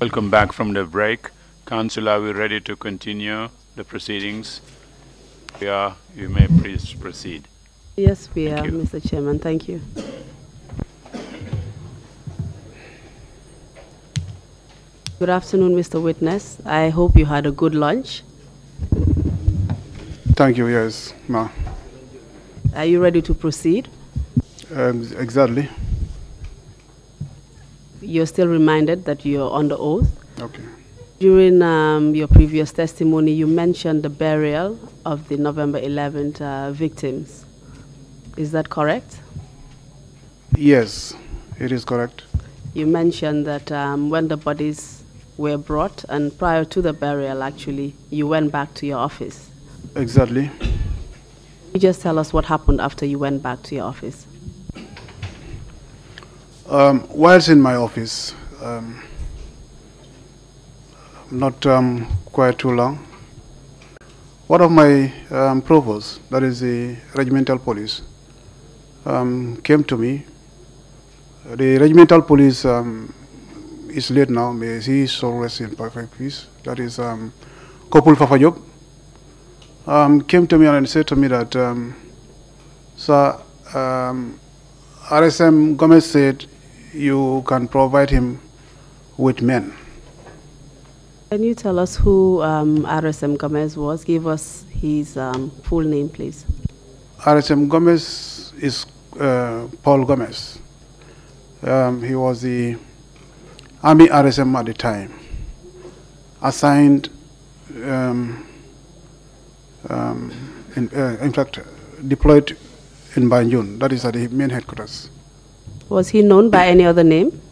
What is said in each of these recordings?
Welcome back from the break. Council, are we ready to continue the proceedings? We are. You may please proceed. Yes, we Thank are, you. Mr. Chairman. Thank you. Good afternoon, Mr. Witness. I hope you had a good lunch. Thank you, yes, ma'am. Are you ready to proceed? Um, exactly you're still reminded that you're under oath. Okay. During um, your previous testimony, you mentioned the burial of the November 11th uh, victims. Is that correct? Yes, it is correct. You mentioned that um, when the bodies were brought and prior to the burial, actually, you went back to your office. Exactly. You just tell us what happened after you went back to your office. Um, whilst in my office, um, not um, quite too long, one of my um, provosts, that is the regimental police, um, came to me. The regimental police um, is late now, may he so rest in perfect peace. That is um, Kopul Fafajob. Um, came to me and said to me that, um, sir, RSM Gomez said you can provide him with men. Can you tell us who um, RSM Gomez was? Give us his um, full name, please. RSM Gomez is uh, Paul Gomez. Um, he was the Army RSM at the time, assigned, um, um, in, uh, in fact, deployed in Banjul, that is at the main headquarters. Was he known by any other name?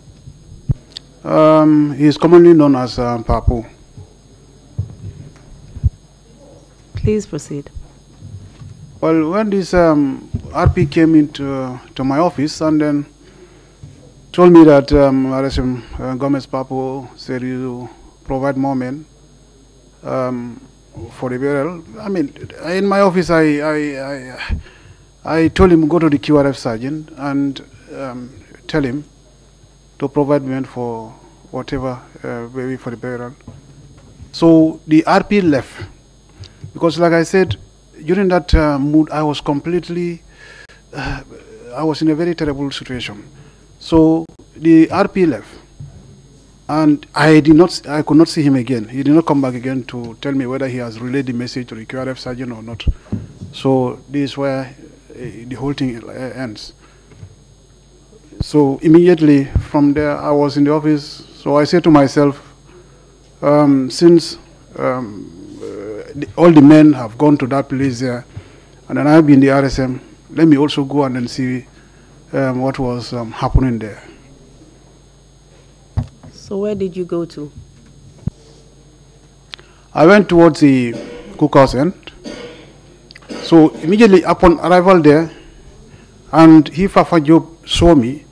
Um, he is commonly known as uh, Papu. Please proceed. Well, when this um, RP came into uh, to my office and then told me that um, RSM uh, Gomez Papu said you provide more men um, for the burial. I mean, in my office, I, I, I, I told him go to the QRF sergeant and um, tell him to provide men for whatever, uh, maybe for the burial. So the RP left because, like I said, during that uh, mood, I was completely, uh, I was in a very terrible situation. So the RP left, and I did not, I could not see him again. He did not come back again to tell me whether he has relayed the message to the QRF sergeant or not. So this is where uh, the whole thing uh, ends so immediately from there, I was in the office. So I said to myself, um, since um, uh, the, all the men have gone to that place there, and then I've been the RSM, let me also go and then see um, what was um, happening there. So where did you go to? I went towards the cookhouse end. So immediately upon arrival there, and Hifa Job saw me,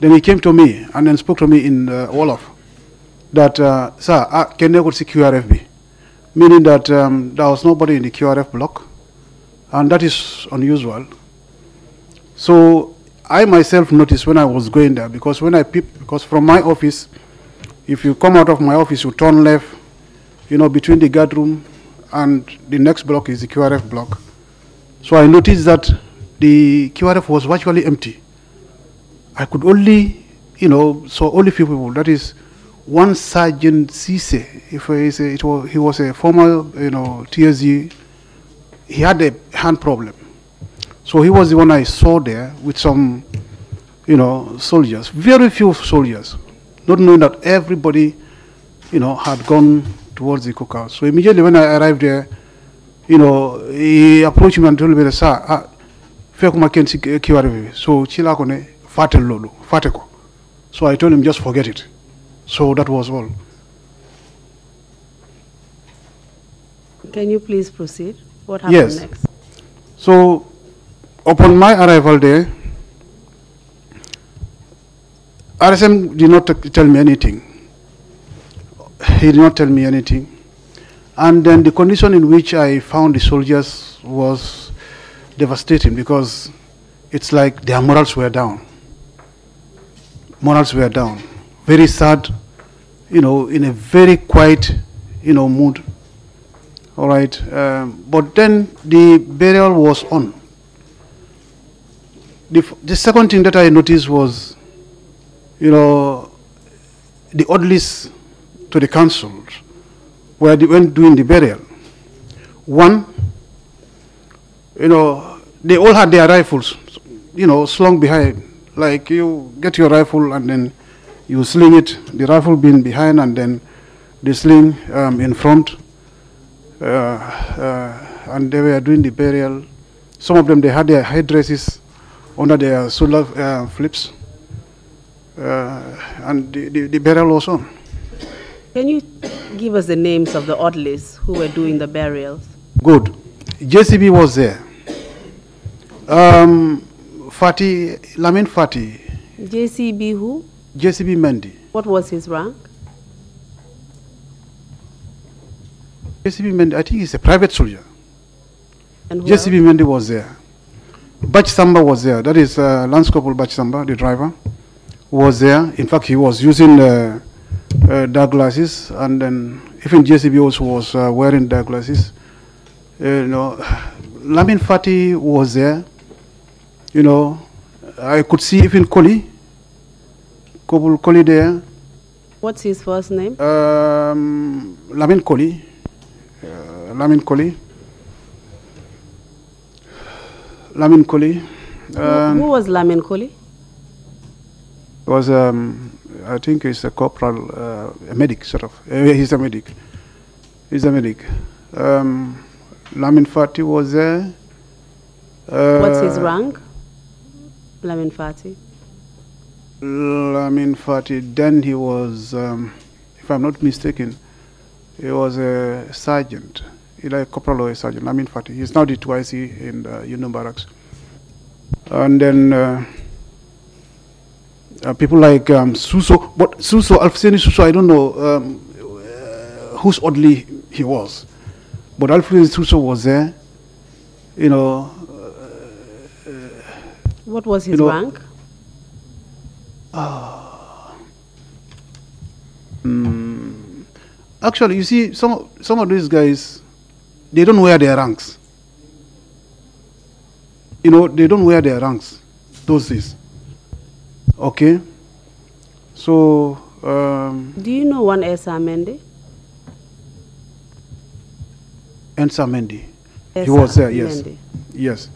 then he came to me and then spoke to me in uh, Wolof that, uh, sir, Kenya uh, can secure go QRFB? Meaning that um, there was nobody in the QRF block, and that is unusual. So I myself noticed when I was going there, because when I peep, because from my office, if you come out of my office, you turn left, you know, between the guard room and the next block is the QRF block. So I noticed that the QRF was virtually empty. I could only, you know, saw only few people. That is one Sergeant Cisse. If it was, he was a former, you know, TSG. He had a hand problem. So he was the one I saw there with some, you know, soldiers, very few soldiers, not knowing that everybody, you know, had gone towards the cookout. So immediately when I arrived there, you know, he approached me and told me, sir, ah, Fekumaki and So Chilakone, fatel lolu fateko so i told him just forget it so that was all can you please proceed what happened yes. next so upon my arrival there RSM did not tell me anything. He did not tell me anything. And then the condition in which I found the soldiers was devastating because it's like their morals were down morals were down. Very sad, you know, in a very quiet, you know, mood. All right. Um, but then the burial was on. The, the second thing that I noticed was, you know, the odd list to the council where they went doing the burial. One, you know, they all had their rifles, you know, slung behind like you get your rifle and then you sling it, the rifle being behind and then the sling um, in front. Uh, uh, and they were doing the burial. Some of them, they had their headdresses under their solar uh, flips. Uh, and the, the, the burial was on. Can you give us the names of the oddlies who were doing the burials? Good. JCB was there. Um, Fati, Lamin Fati. JCB who? JCB Mendy. What was his rank? JCB Mendy, I think he's a private soldier. And JCB Mendy was there. Bach Samba was there. That is uh, Lance Corporal Bach Samba, the driver, was there. In fact, he was using uh, uh, dark glasses, and then even JCB also was uh, wearing dark glasses. you know, Lamin Fati was there you know, I could see even Koli, Kobul Koli there. What's his first name? Um, Lamin Koli. Uh, Lamin Koli. Lamin Koli. Um, who, was Lamin Koli? Was um, I think he's a corporal, uh, a medic sort of. Uh, he's a medic. He's a medic. Um, Lamin Fati was there. Uh, What's his uh, rank? Lamin Fati? Lamin Fati, then he was, um, if I'm not mistaken, he was a sergeant, like a corporal or a sergeant, Lamin Fati. He's now the 2IC in the uh, Union Barracks. And then uh, uh, people like um, Suso, but Suso, Alfseni Suso, I don't know um, uh, whose oddly he was. But Alfred Suso was there, you know, what was his you know, rank? Uh, mm, actually, you see, some, some of these guys, they don't wear their ranks. You know, they don't wear their ranks, those days. Okay? So. Um, Do you know one Esa Mende? Ensa Mendy. He was there, yes. Yes,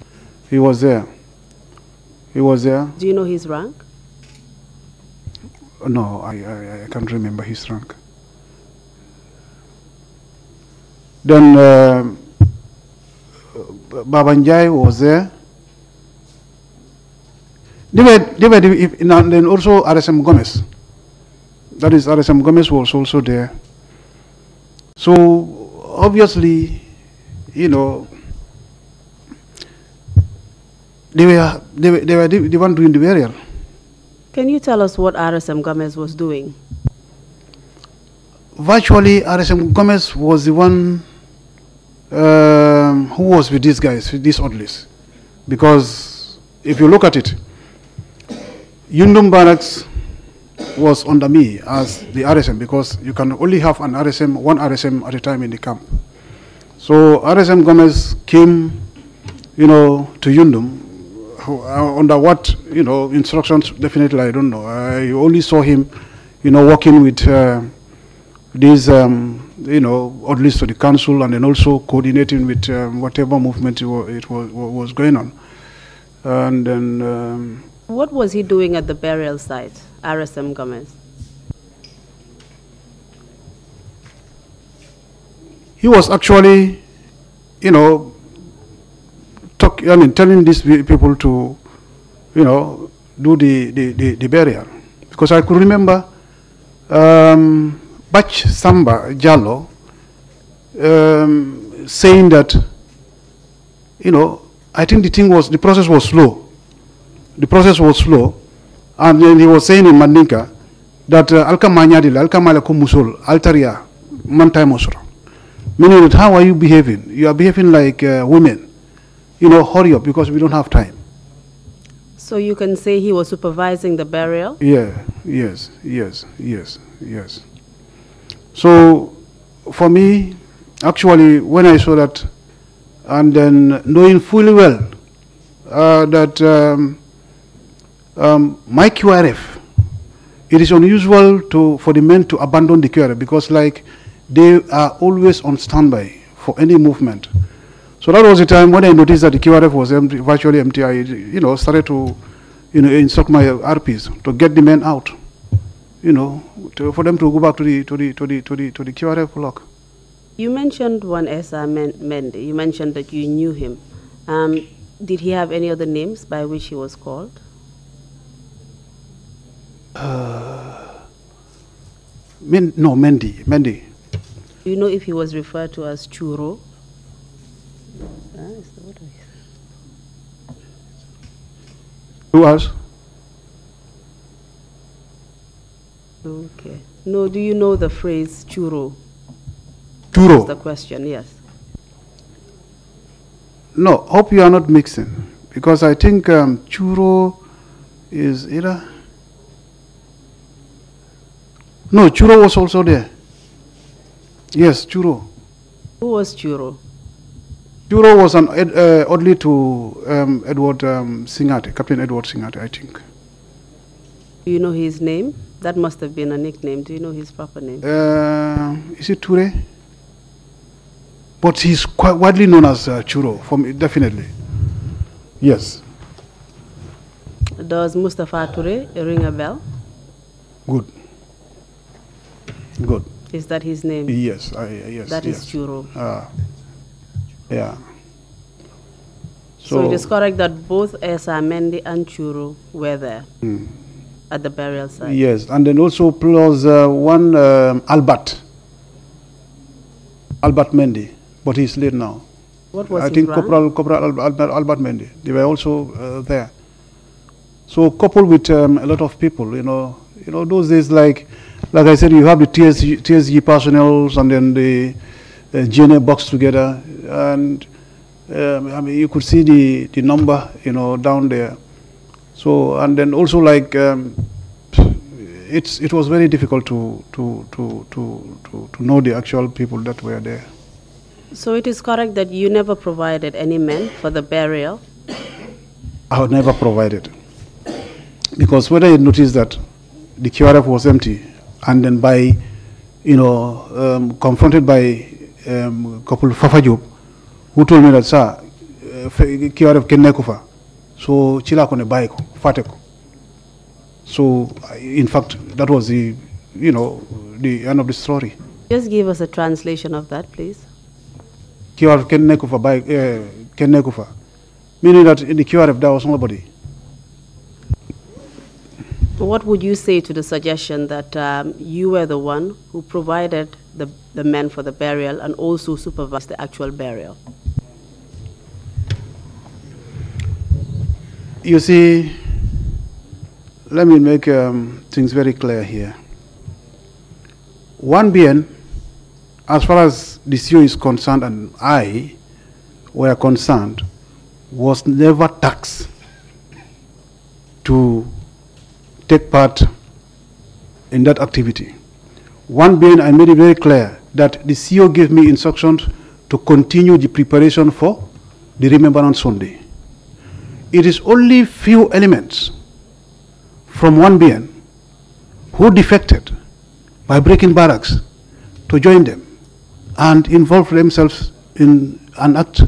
he was there. He was there. Do you know his rank? No, I, I, I can't remember his rank. Then uh, Babanjai was there. They were, they were, and then also RSM Gomez. That is, RSM Gomez was also there. So obviously, you know, they were, they were, they were the one doing the burial. Can you tell us what RSM Gomez was doing? Virtually, RSM Gomez was the one um, who was with these guys, with these oddlies. Because if you look at it, Yundum Barracks was under me as the RSM because you can only have an RSM, one RSM at a time in the camp. So RSM Gomez came, you know, to Yundum uh, under what you know instructions? Definitely, I don't know. I only saw him, you know, working with uh, these, um, you know, at least to the council, and then also coordinating with um, whatever movement it, was, it was, was going on. And then, um, what was he doing at the burial site, RSM Gomez? He was actually, you know, talk, I mean, telling these people to, you know, do the, the, the, the burial. Because I could remember um, Bach Samba Jallo um, saying that, you know, I think the thing was, the process was slow. The process was slow. And then he was saying in Mandinka that uh, Al kamala kumusul, Al Altaria, Mantai Musur. Meaning that how are you behaving? You are behaving like uh, women you know, hurry up because we don't have time. So you can say he was supervising the burial? Yeah, yes, yes, yes, yes. So for me, actually, when I saw that, and then knowing fully well uh, that um, um, my QRF, it is unusual to, for the men to abandon the QRF because like they are always on standby for any movement. So that was the time when I noticed that the QRF was empty, virtually empty. I, you know, started to, you know, instruct my RPs to get the men out, you know, to, for them to go back to the to the to the to the to the QRF block. You mentioned one SR Mende. You mentioned that you knew him. Um, did he have any other names by which he was called? Uh, men, no, Mendy. Mendy. Do you know if he was referred to as Churo? Who was? Okay. No, do you know the phrase churro? Churro? That's the question, yes. No, hope you are not mixing. Because I think um, churro is either. No, churro was also there. Yes, churro. Who was churro? Churo was an ed, uh, oddly to um, Edward um, Singate, Captain Edward Singate, I think. Do you know his name? That must have been a nickname. Do you know his proper name? Uh, is it Ture? But he's quite widely known as uh, Churo, me, definitely. Yes. Does Mustafa Ture ring a bell? Good. Good. Is that his name? Yes, I, yes. That yes. is Churo. Ah. Yeah. So, so, it is correct that both Mendi and Churu were there mm. at the burial site. Yes, and then also plus uh, one um, Albert, Albert Mendy, but he's late now. What was I think rank? Corporal, Corporal Albert, Albert Mendy. They were also uh, there. So coupled with um, a lot of people, you know, you know those days like, like I said, you have the TSG, TSG personnel and then the uh, DNA box together. And um, I mean, you could see the, the number, you know, down there. So, and then also like, um, it's, it was very difficult to, to, to, to, to, to know the actual people that were there. So it is correct that you never provided any men for the burial? I would never provided. Because when I noticed that the QRF was empty, and then by, you know, um, confronted by couple Fafa Diop who told me that sir QRF kenn nekku so ci laa ko ne so in fact that was the you know the end of the story. just give us a translation of that please. QRF kenn nekku fa meaning that in the QRF there was nobody. What would you say to the suggestion that um, you were the one who provided the, the men for the burial and also supervise the actual burial. You see, let me make um, things very clear here. 1BN, as far as the CEO is concerned and I were concerned, was never taxed to take part in that activity. One being I made it very clear that the CEO gave me instructions to continue the preparation for the Remembrance Sunday. It is only few elements from one being who defected by breaking barracks to join them and involve themselves in an act.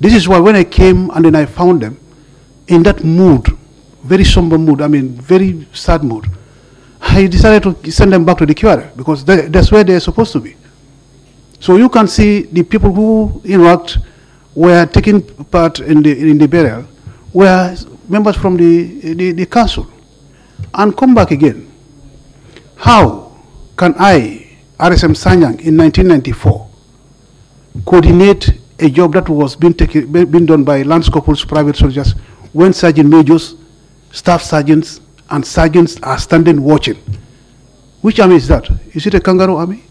This is why when I came and then I found them in that mood, very somber mood, I mean, very sad mood, I decided to send them back to the Kiwara because they, that's where they're supposed to be. So you can see the people who interact were taking part in the, in the burial were members from the, the, the council and come back again. How can I, RSM Sanyang, in 1994, coordinate a job that was being, taken, being done by Lance Corporals, private soldiers, when sergeant majors, staff sergeants, and sergeants are standing watching. Which army is that? Is it a kangaroo army?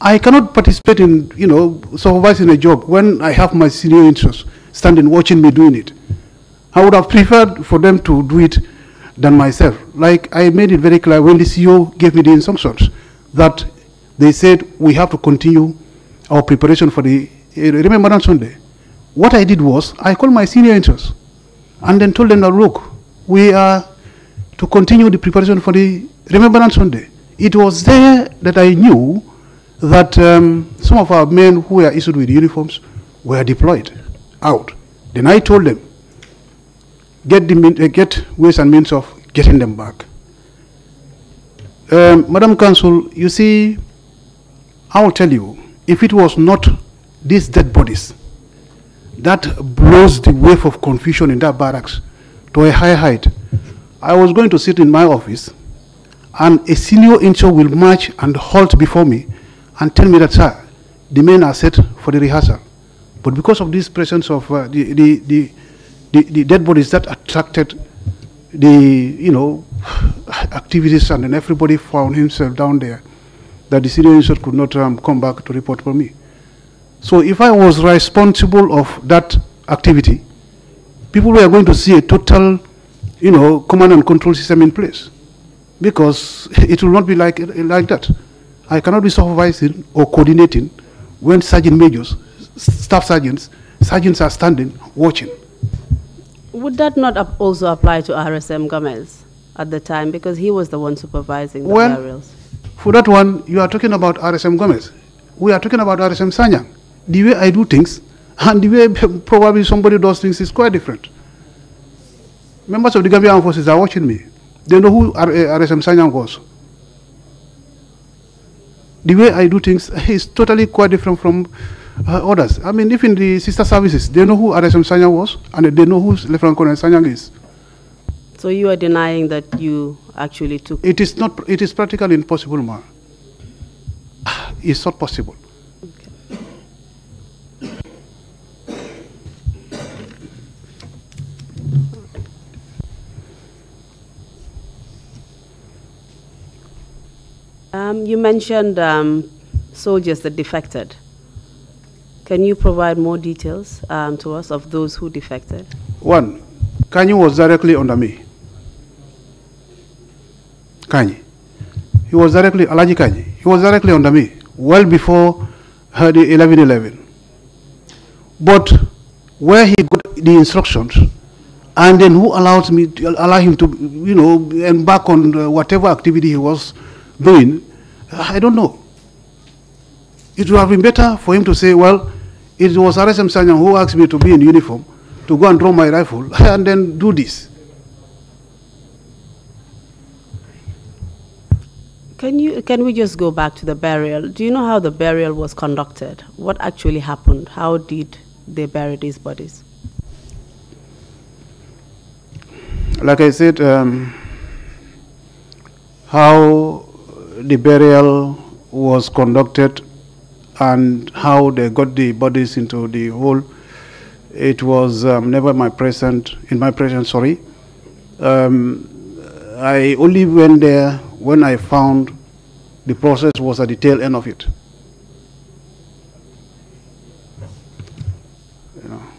I cannot participate in, you know, supervising a job when I have my senior interests standing watching me doing it. I would have preferred for them to do it than myself. Like I made it very clear when the CEO gave me the instructions that they said we have to continue our preparation for the Remembrance Sunday. What I did was I called my senior interests and then told them that, look, we are to continue the preparation for the Remembrance Sunday. It was there that I knew that um, some of our men who were issued with uniforms were deployed out. Then I told them, get, the, uh, get ways and means of getting them back. Um, Madam Council, you see, I will tell you, if it was not these dead bodies that blows the wave of confusion in that barracks to a high height. I was going to sit in my office, and a senior incho will march and halt before me and tell me that, sir, the men are set for the rehearsal. But because of this presence of uh, the, the, the, the, the dead bodies that attracted the, you know, activities and then everybody found himself down there, that the senior incho could not um, come back to report for me. So if I was responsible of that activity, people were going to see a total, you know, command and control system in place, because it will not be like like that. I cannot be supervising or coordinating when sergeant majors, staff sergeants, sergeants are standing watching. Would that not also apply to RSM Gomez at the time because he was the one supervising the well, burials? For that one, you are talking about RSM Gomez. We are talking about RSM Sanyang the way I do things and the way probably somebody does things is quite different. Members of the Gambia Forces are watching me. They know who RSM Sanyang was. The way I do things is totally quite different from uh, others. I mean, even the sister services, they know who RSM Sanyang was and they know who Lieutenant Colonel Sanyang is. So you are denying that you actually took... It is, not, it is practically impossible, ma. It's not possible. Um, you mentioned um, soldiers that defected. Can you provide more details um, to us of those who defected? One, Kanye was directly under me. Kanye. He was directly, Alaji Kanye, he was directly under me well before uh, the 1111. But where he got the instructions, and then who allowed me to allow him to, you know, embark on uh, whatever activity he was doing, I don't know. It would have been better for him to say, well, it was RSM Sanyang who asked me to be in uniform, to go and draw my rifle, and then do this. Can, you, can we just go back to the burial? Do you know how the burial was conducted? What actually happened? How did they bury these bodies? Like I said, um, how the burial was conducted and how they got the bodies into the hole, it was um, never my present, in my presence, sorry. Um, I only went there when I found the process was at the tail end of it.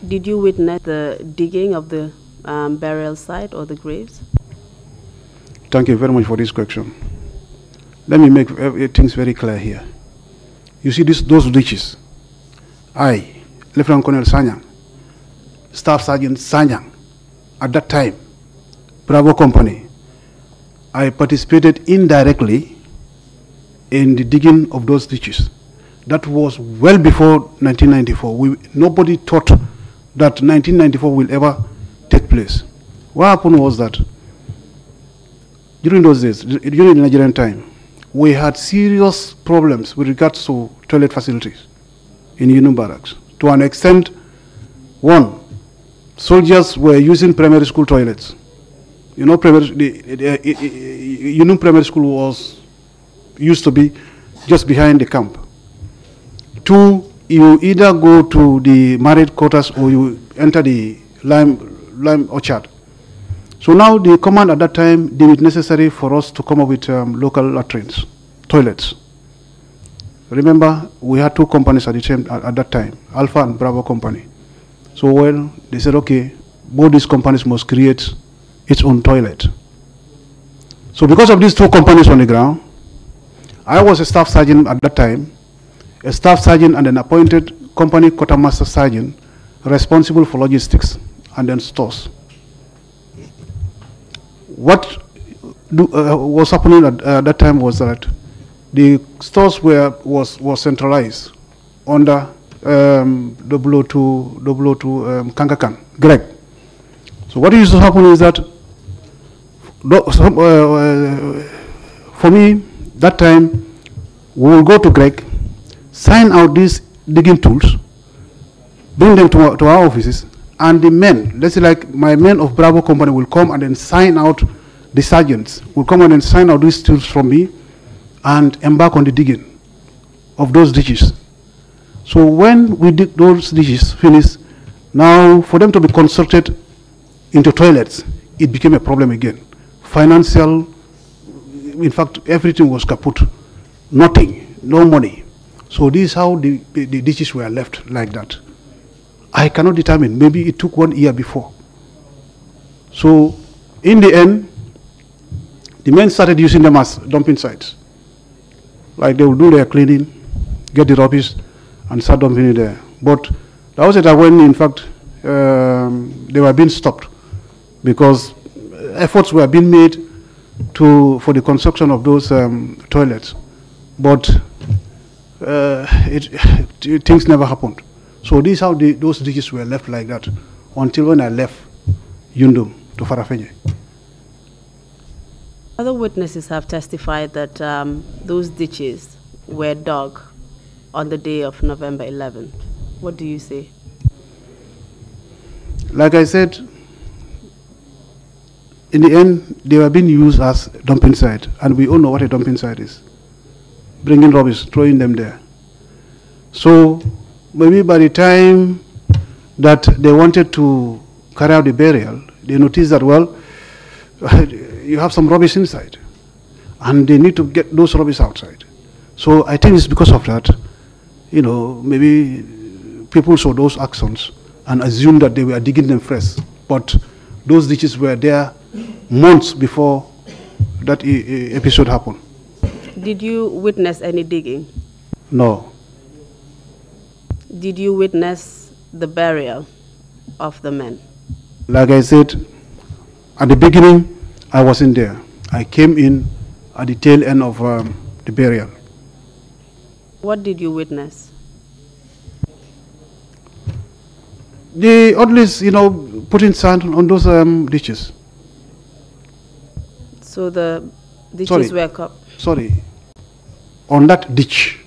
Did you witness the digging of the um, burial site or the graves? Thank you very much for this question. Let me make eh, things very clear here. You see this, those ditches. I, Lieutenant Colonel Sanyang, Staff Sergeant Sanyang, at that time, Bravo Company, I participated indirectly in the digging of those ditches. That was well before 1994. We, nobody thought that 1994 will ever take place. What happened was that during those days, during the Nigerian time, we had serious problems with regards to toilet facilities in Union Barracks. To an extent, one, soldiers were using primary school toilets. You know, primary, the, the, the, Union Primary School was used to be just behind the camp. Two, you either go to the married quarters or you enter the lime, lime orchard. So now the command at that time deemed it necessary for us to come up with um, local latrines, toilets. Remember, we had two companies at, the time, at, at that time, Alpha and Bravo Company. So well, they said, okay, both these companies must create its own toilet. So because of these two companies on the ground, I was a staff sergeant at that time, a staff sergeant and an appointed company quartermaster sergeant responsible for logistics and then stores. What do, uh, was happening at uh, that time was that the stores were was was centralized under um, 002, 002 um, Kankakan, Greg. So what used to happen is that some, uh, uh, for me that time we will go to Greg, sign out these digging tools, bring them to our, to our offices, and the men, let's say like my men of Bravo Company will come and then sign out the sergeants, will come and then sign out these tools from me and embark on the digging of those ditches. So when we dig those ditches, finish, now for them to be consulted into toilets, it became a problem again. Financial, in fact, everything was kaput. Nothing, no money. So this is how the, the ditches were left like that. I cannot determine. Maybe it took one year before. So, in the end, the men started using them as dumping sites. Like they would do their cleaning, get the rubbish, and start dumping it there. But that was it when, in fact, um, they were being stopped because efforts were being made to, for the construction of those um, toilets. But uh, it, things never happened. So this how the, those ditches were left like that until when I left Yundum to Farafenye. Other witnesses have testified that um, those ditches were dug on the day of November 11th. What do you say? Like I said, in the end, they were being used as dumping site, and we all know what a dumping site is. Bringing rubbish, throwing them there. So maybe by the time that they wanted to carry out the burial, they noticed that, well, you have some rubbish inside. And they need to get those rubbish outside. So I think it's because of that, you know, maybe people saw those actions and assumed that they were digging them fresh. But those ditches were there months before that episode happened. Did you witness any digging? No did you witness the burial of the men? Like I said, at the beginning, I wasn't there. I came in at the tail end of um, the burial. What did you witness? The Odlis, you know, putting sand on those um, ditches. So the ditches Sorry. were cut? Sorry, on that ditch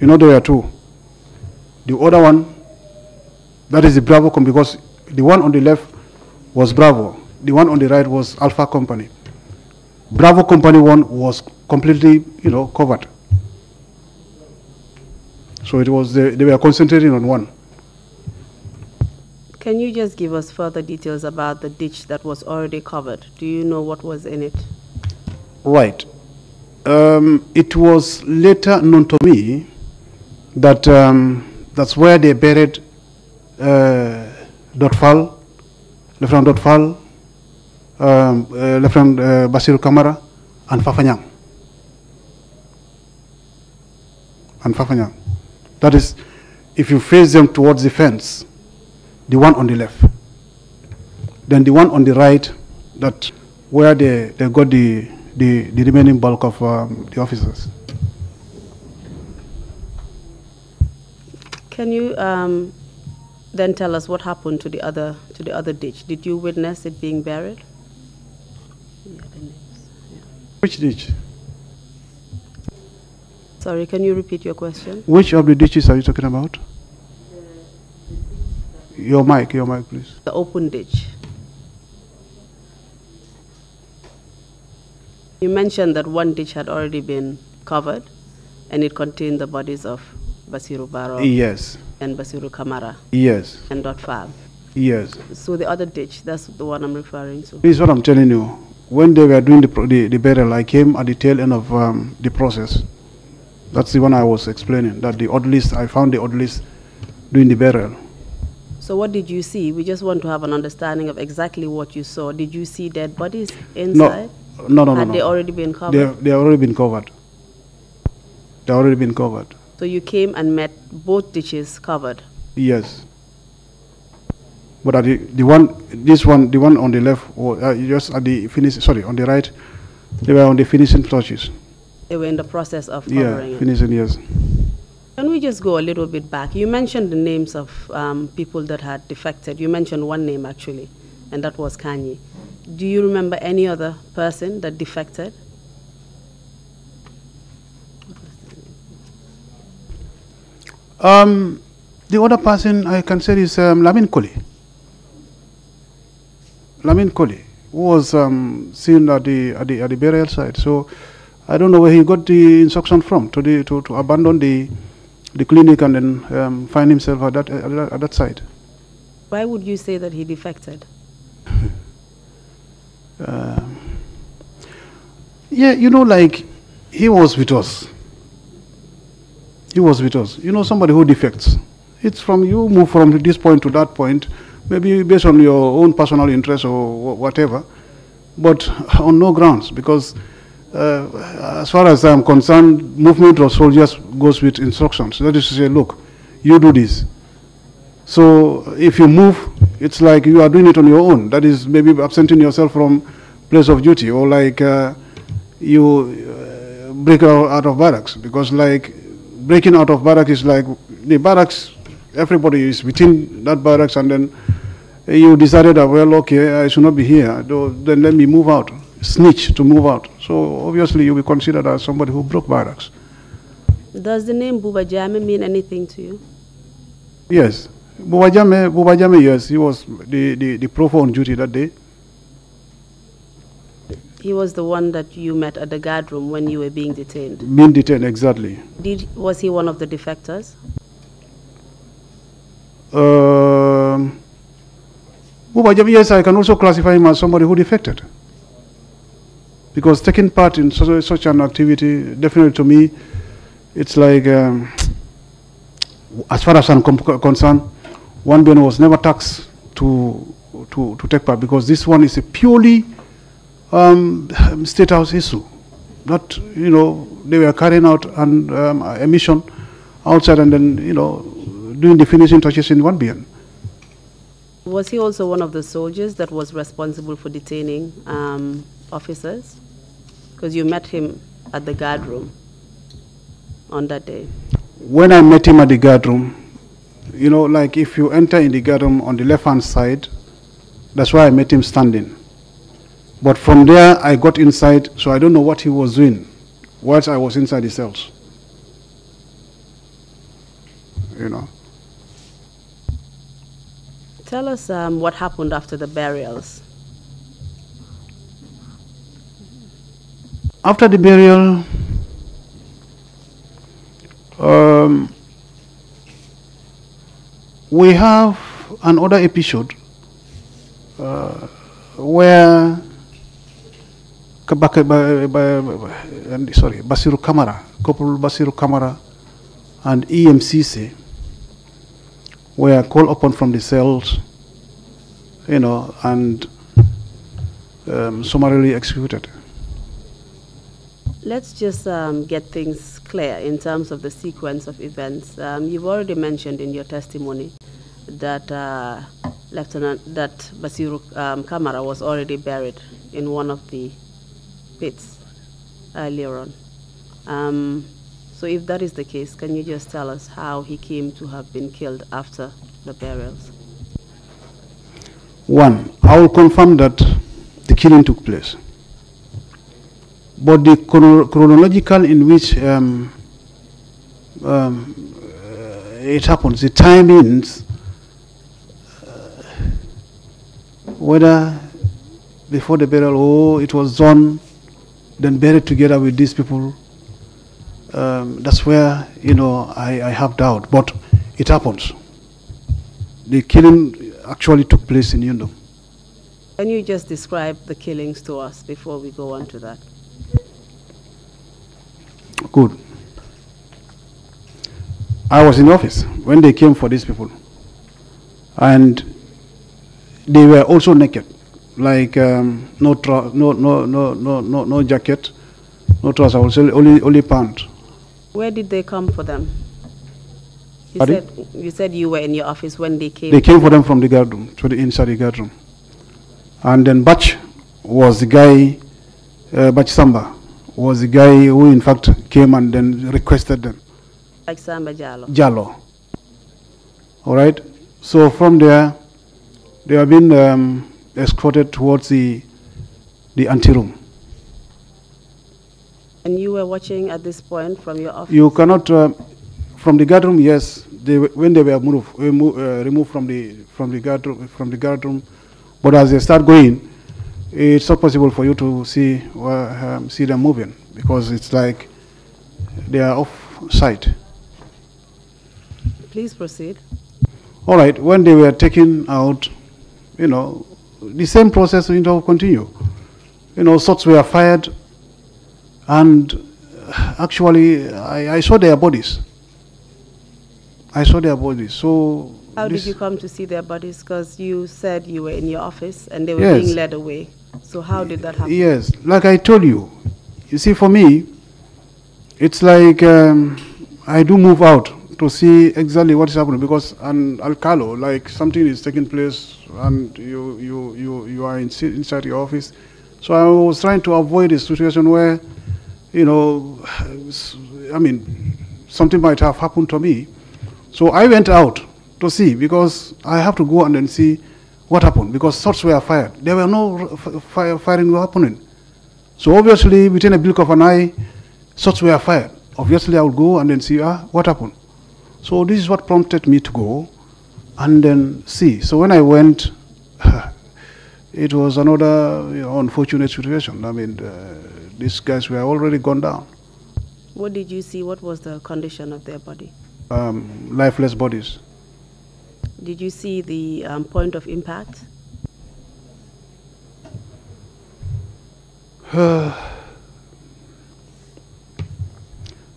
you know, there are two. The other one, that is the Bravo company, because the one on the left was Bravo. The one on the right was Alpha company. Bravo company one was completely, you know, covered. So it was, the, they were concentrating on one. Can you just give us further details about the ditch that was already covered? Do you know what was in it? Right. Um, it was later known to me that um, that's where they buried uh, Dotfal, Lieutenant Dotfal, um, uh, Lieutenant uh, Basiru Kamara, and Fafanyang. And Fafanyang. That is, if you face them towards the fence, the one on the left, then the one on the right, that where they, they got the, the, the remaining bulk of um, the officers. Can you um, then tell us what happened to the other to the other ditch? Did you witness it being buried? Which ditch? Sorry, can you repeat your question? Which of the ditches are you talking about? Your mic, your mic, please. The open ditch. You mentioned that one ditch had already been covered and it contained the bodies of Basiru Baro. Yes. And Basiru Kamara. Yes. And Dot Fab. Yes. So the other ditch, that's the one I'm referring to. This is what I'm telling you. When they were doing the, the, the, burial, I came at the tail end of um, the process. That's the one I was explaining, that the odd list, I found the odd list doing the burial. So what did you see? We just want to have an understanding of exactly what you saw. Did you see dead bodies inside? No, no, no. Had no, no. they already been covered? They have, they have already been covered. They have already been covered. So you came and met both ditches covered? Yes. But at the, the one, this one, the one on the left, or uh, just at the finish, sorry, on the right, they were on the finishing touches. They were in the process of covering yeah, finishing, it. yes. Can we just go a little bit back? You mentioned the names of um, people that had defected. You mentioned one name actually, and that was Kanye. Do you remember any other person that defected? Um, the other person I can say is um, Lamin Koli. Lamin Koli, who was um, seen at the, at the at the burial site. So I don't know where he got the instruction from to the, to, to abandon the the clinic and then um, find himself at that, at that at that site. Why would you say that he defected? uh, yeah, you know, like he was with us. He was with us. You know, somebody who defects. It's from you move from this point to that point, maybe based on your own personal interest or whatever, but on no grounds because. Uh, as far as I'm concerned, movement of soldiers goes with instructions. That is to say, look, you do this. So if you move, it's like you are doing it on your own. That is maybe absenting yourself from place of duty, or like uh, you uh, break out, out of barracks because, like, breaking out of barracks is like the barracks, everybody is within that barracks, and then you decided that, well, okay, I should not be here, then let me move out, snitch to move out. So obviously you'll be considered as somebody who broke barracks. Does the name Bubajame mean anything to you? Yes. Bubajame, Bubajame yes, he was the, the, the profo on duty that day. He was the one that you met at the guard room when you were being detained? Being detained, exactly. Did, was he one of the defectors? Uh, yes, I can also classify him as somebody who defected. Because taking part in such, such an activity, definitely to me, it's like, um, as far as I'm concerned, one Biano was never taxed to, to, to take part because this one is a purely um, um, state house issue. Not, you know, they were carrying out an um, emission outside and then, you know, doing the finishing touches in one beam. Was he also one of the soldiers that was responsible for detaining um, officers? Because you met him at the guard room on that day. When I met him at the guard room, you know, like if you enter in the guard room on the left hand side, that's why I met him standing. But from there, I got inside, so I don't know what he was doing whilst I was inside the cells. You know. Tell us um, what happened after the burials. After the burial, um, we have another episode uh, where Bak- ba- ba- sorry, Basiru Kamara, Corporal Basiru Kamara, and EMCC were called upon from the cells, you know, and um, summarily executed. Let's just um, get things clear in terms of the sequence of events. Um, you've already mentioned in your testimony that uh, Lieutenant that Basiru um, Kamara was already buried in one of the earlier on. Um, so if that is the case, can you just tell us how he came to have been killed after the burials? One, I will confirm that the killing took place. But the chronological in which um, um, uh, it happens, the timings, uh, whether before the burial or it was done then buried together with these people. Um, that's where, you know, I, I have doubt. But it happens. The killing actually took place in Yundum. Can you just describe the killings to us before we go on to that? Good. I was in office when they came for these people. And they were also naked like um, no, no, no, no, no, no, no jacket, no trousers. only, only pant. Where did they come for them? You said, you said you were in your office when they came. They came for them from the guard room, to the inside the guard room. And then Batch was the guy, uh, Batch Samba, was the guy who in fact came and then requested them. Batch Samba Jalo. All right. So from there, they have been um, escorted towards the, the anteroom. And you were watching at this point from your office? You cannot, uh, from the guard room, yes. They, when they were moved, uh, removed from the, from, the guard room, from the guard room, but as they start going, it's not possible for you to see, uh, um, see them moving because it's like they are off site. Please proceed. All right, when they were taken out, you know, the same process will you know, continue. You know, Sorts were fired, and uh, actually, I, I saw their bodies. I saw their bodies. So how did you come to see their bodies? Because you said you were in your office and they were yes. being led away. So how did that happen? Yes, like I told you. You see, for me, it's like um, I do move out to see exactly what is happening because an alcalo, like something is taking place and you, you, you, you are in, inside your office. So I was trying to avoid a situation where, you know, I mean, something might have happened to me. So I went out to see because I have to go and then see what happened because shots were fired. There were no fire, firing happening. So obviously, within a blink of an eye, shots were fired. Obviously, I would go and then see ah, what happened. So this is what prompted me to go and then see. So when I went, it was another you know, unfortunate situation. I mean, uh, these guys were already gone down. What did you see? What was the condition of their body? Um, lifeless bodies. Did you see the um, point of impact?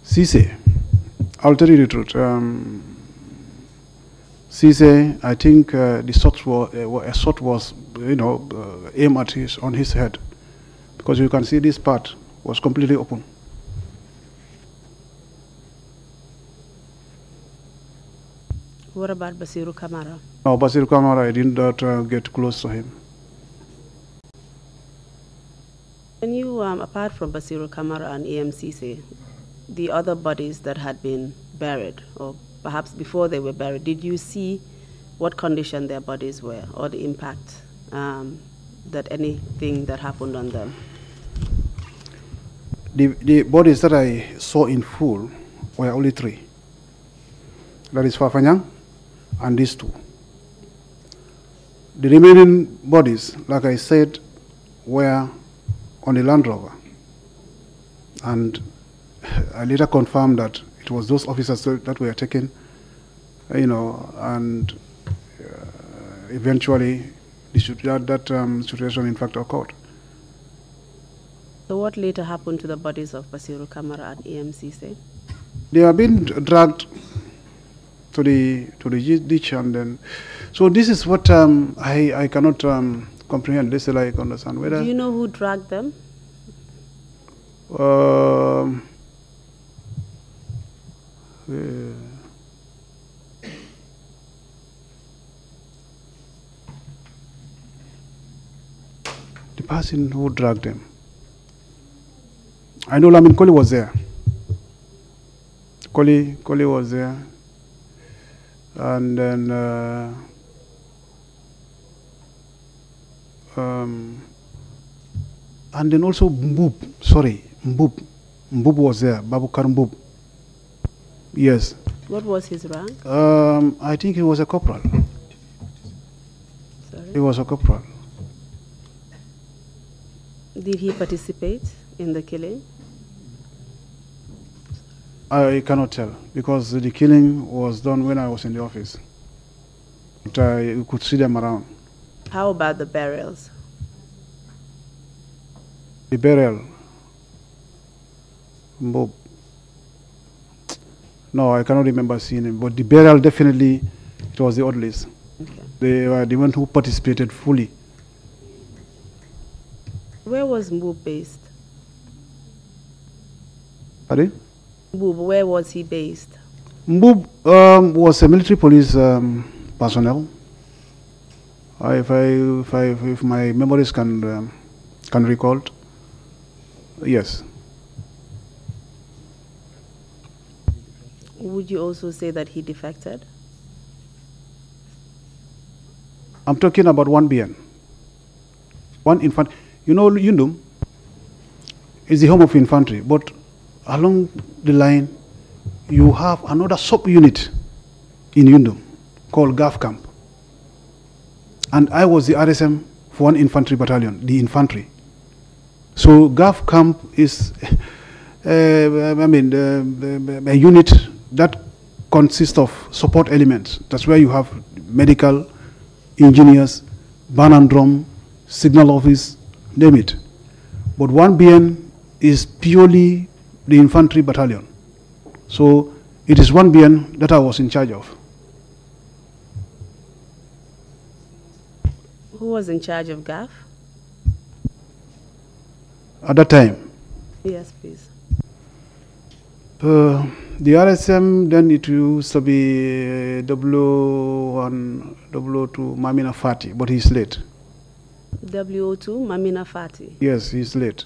Sise. the truth. Um, Cisse, I think uh, the shot was, uh, a shot was, you know, uh, aimed at his, on his head, because you can see this part was completely open. What about Basiru Kamara? No, Basiru Kamara, I did not uh, get close to him. When you, um, apart from Basiru Kamara and AMCC, the other bodies that had been buried, or perhaps before they were buried? Did you see what condition their bodies were, or the impact um, that anything that happened on them? The, the bodies that I saw in full were only three. That is Fafanyang and these two. The remaining bodies, like I said, were on the Land Rover. And I later confirmed that it was those officers that were taken, you know, and uh, eventually that, that um, situation in fact occurred. So what later happened to the bodies of Basiru Kamara at Say They have been dragged to the to the ditch and then so this is what um, I, I cannot um, comprehend this like understand whether Do you know who dragged them? Um, uh, the person who dragged him. I know Lamin Koli was there. Koli, Koli was there. And then uh, um, and then also Mbub, sorry, Mbub. Mbub was there, Babu Mbub. Yes. What was his rank? Um, I think he was a corporal. Sorry? He was a corporal. Did he participate in the killing? I cannot tell because the killing was done when I was in the office. But I could see them around. How about the burials? The burial. Bob. No, I cannot remember seeing him. But the burial, definitely, it was the Odleys. Okay. They were the ones who participated fully. Where was Mbu based? Pardon? Mbub, where was he based? Mbub um, was a military police um, personnel. I, if, I, if, I, if my memories can, um, can recall, yes. Would you also say that he defected? I'm talking about 1BN. One infant. You know, Yundum is the home of infantry, but along the line, you have another sub unit in Yundum called GAF Camp. And I was the RSM for one infantry battalion, the infantry. So GAF Camp is, uh, I mean, uh, a unit that consists of support elements. That's where you have medical, engineers, ban and drum, signal office, name it. But 1BN is purely the infantry battalion. So it is 1BN that I was in charge of. Who was in charge of GAF? At that time? Yes, please. Uh, the RSM then it used to be W1, uh, W2 Mamina Fati, but he's late. W02 Mamina Fati. Yes, he's late.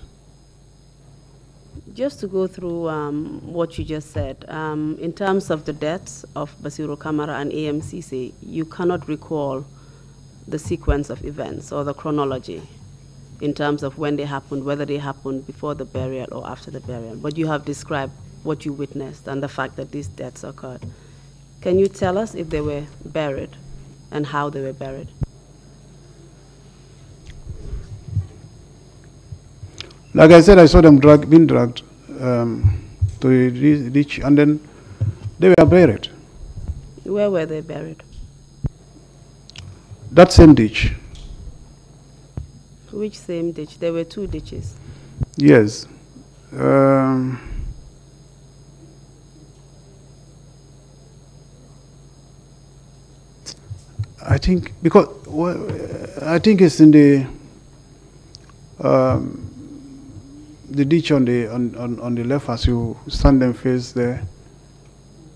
Just to go through um, what you just said, um, in terms of the deaths of Basiro Kamara and AMCC, you cannot recall the sequence of events or the chronology in terms of when they happened, whether they happened before the burial or after the burial. But you have described what you witnessed and the fact that these deaths occurred. Can you tell us if they were buried and how they were buried? Like I said, I saw them drag, being dragged um, to reach, and then they were buried. Where were they buried? That same ditch. Which same ditch? There were two ditches. Yes. Um, I think because I think it's in the um, the ditch on the on, on, on the left as you stand and face there.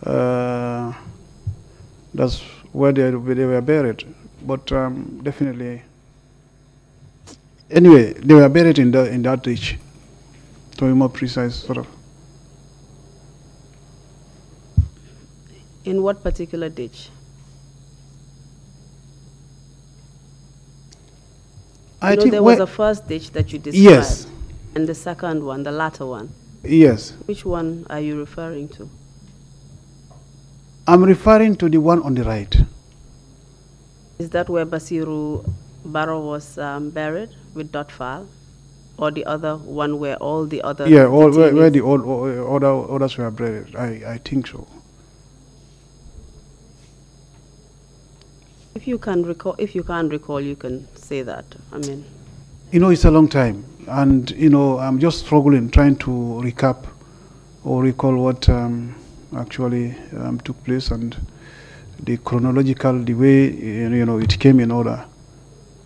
Uh, that's where they, they were buried. But um, definitely, anyway, they were buried in the in that ditch. To be more precise, sort of. In what particular ditch? I know, there was a first ditch that you described. Yes. And the second one, the latter one. Yes. Which one are you referring to? I'm referring to the one on the right. Is that where Basiru Barrow was um, buried with Dotfal? Or the other one where all the other... Yeah, all, where, where the all, all, all, others were buried. I, I think so. If you can recall, if you can recall, you can say that. I mean, you know, it's a long time, and you know, I'm just struggling trying to recap or recall what um, actually um, took place and the chronological, the way you know it came in order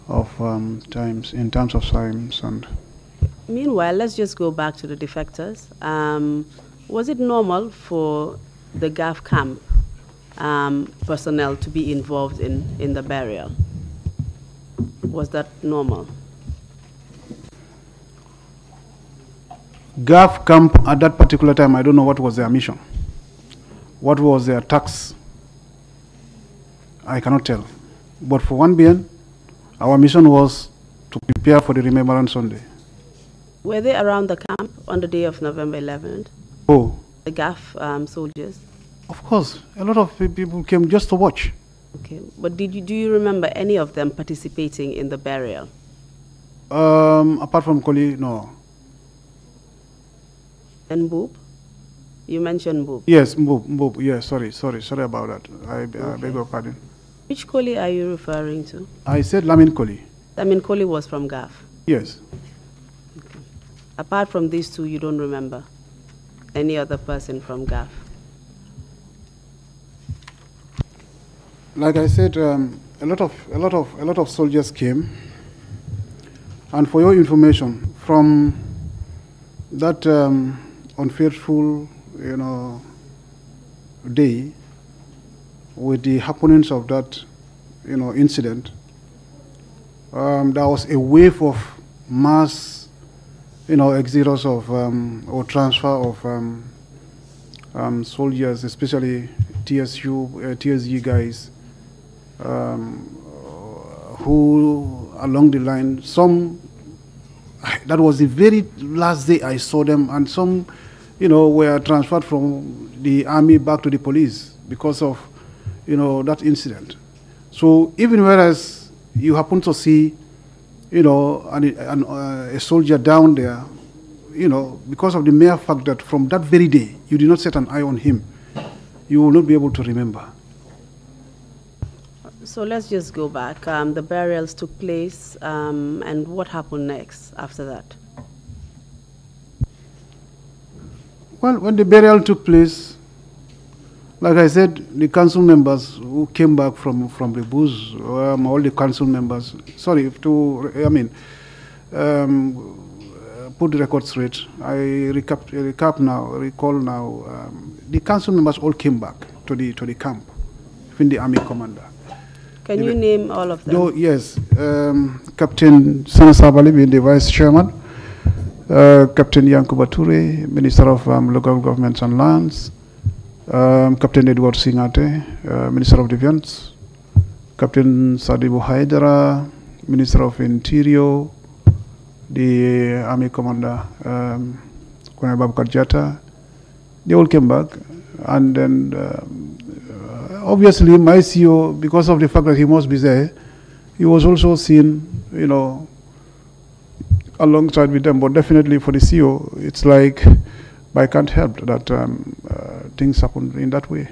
of um, times in terms of times and. Meanwhile, let's just go back to the defectors. Um, was it normal for the GAF camp um, personnel to be involved in, in the burial. Was that normal? GAF camp at that particular time, I don't know what was their mission. What was their tax? I cannot tell. But for 1BN, our mission was to prepare for the Remembrance Sunday. Were they around the camp on the day of November 11th? Oh. The GAF um, soldiers? Of course, a lot of people came just to watch. Okay, but did you do you remember any of them participating in the burial? Um, apart from Koli, no. And Boob? You mentioned Boob. Yes, Boob, Boob. Yes, yeah, sorry, sorry, sorry about that. I, okay. I beg your pardon. Which Koli are you referring to? I said Lamin Koli. Lamin Koli was from Gaf. Yes. Okay. Apart from these two, you don't remember any other person from Gaf. like I said, um, a lot of a lot of a lot of soldiers came. And for your information, from that um, unfaithful, you know, day, with the happenings of that, you know, incident, um, there was a wave of mass, you know, exodus of um, or transfer of um, um, soldiers, especially TSU, uh, TSU guys um, who along the line, some, that was the very last day I saw them, and some, you know, were transferred from the army back to the police because of, you know, that incident. So even whereas you happen to see, you know, an, an, uh, a soldier down there, you know, because of the mere fact that from that very day you did not set an eye on him, you will not be able to remember. So let's just go back. Um, the burials took place, um, and what happened next after that? Well, when the burial took place, like I said, the council members who came back from, from the booths, um, all the council members, sorry, to, I mean, um, put the record straight. I recap, recap now, recall now. Um, the council members all came back to the, to the camp, even the army commander. Can you name all of them? Oh, yes. Um, Captain Sanasabali, being the vice chairman, uh, Captain Yankuba Ture, Minister of um, Local Governments and Lands, um, Captain Edward Singate, uh, Minister of Defense, Captain Sadibu Haidara, Minister of Interior, the uh, Army Commander, um, Colonel Babu They all came back, and then um, obviously, my CEO, because of the fact that he must be there, he was also seen, you know, alongside with them. But definitely for the CEO, it's like, I can't help that um, uh, things happen in that way.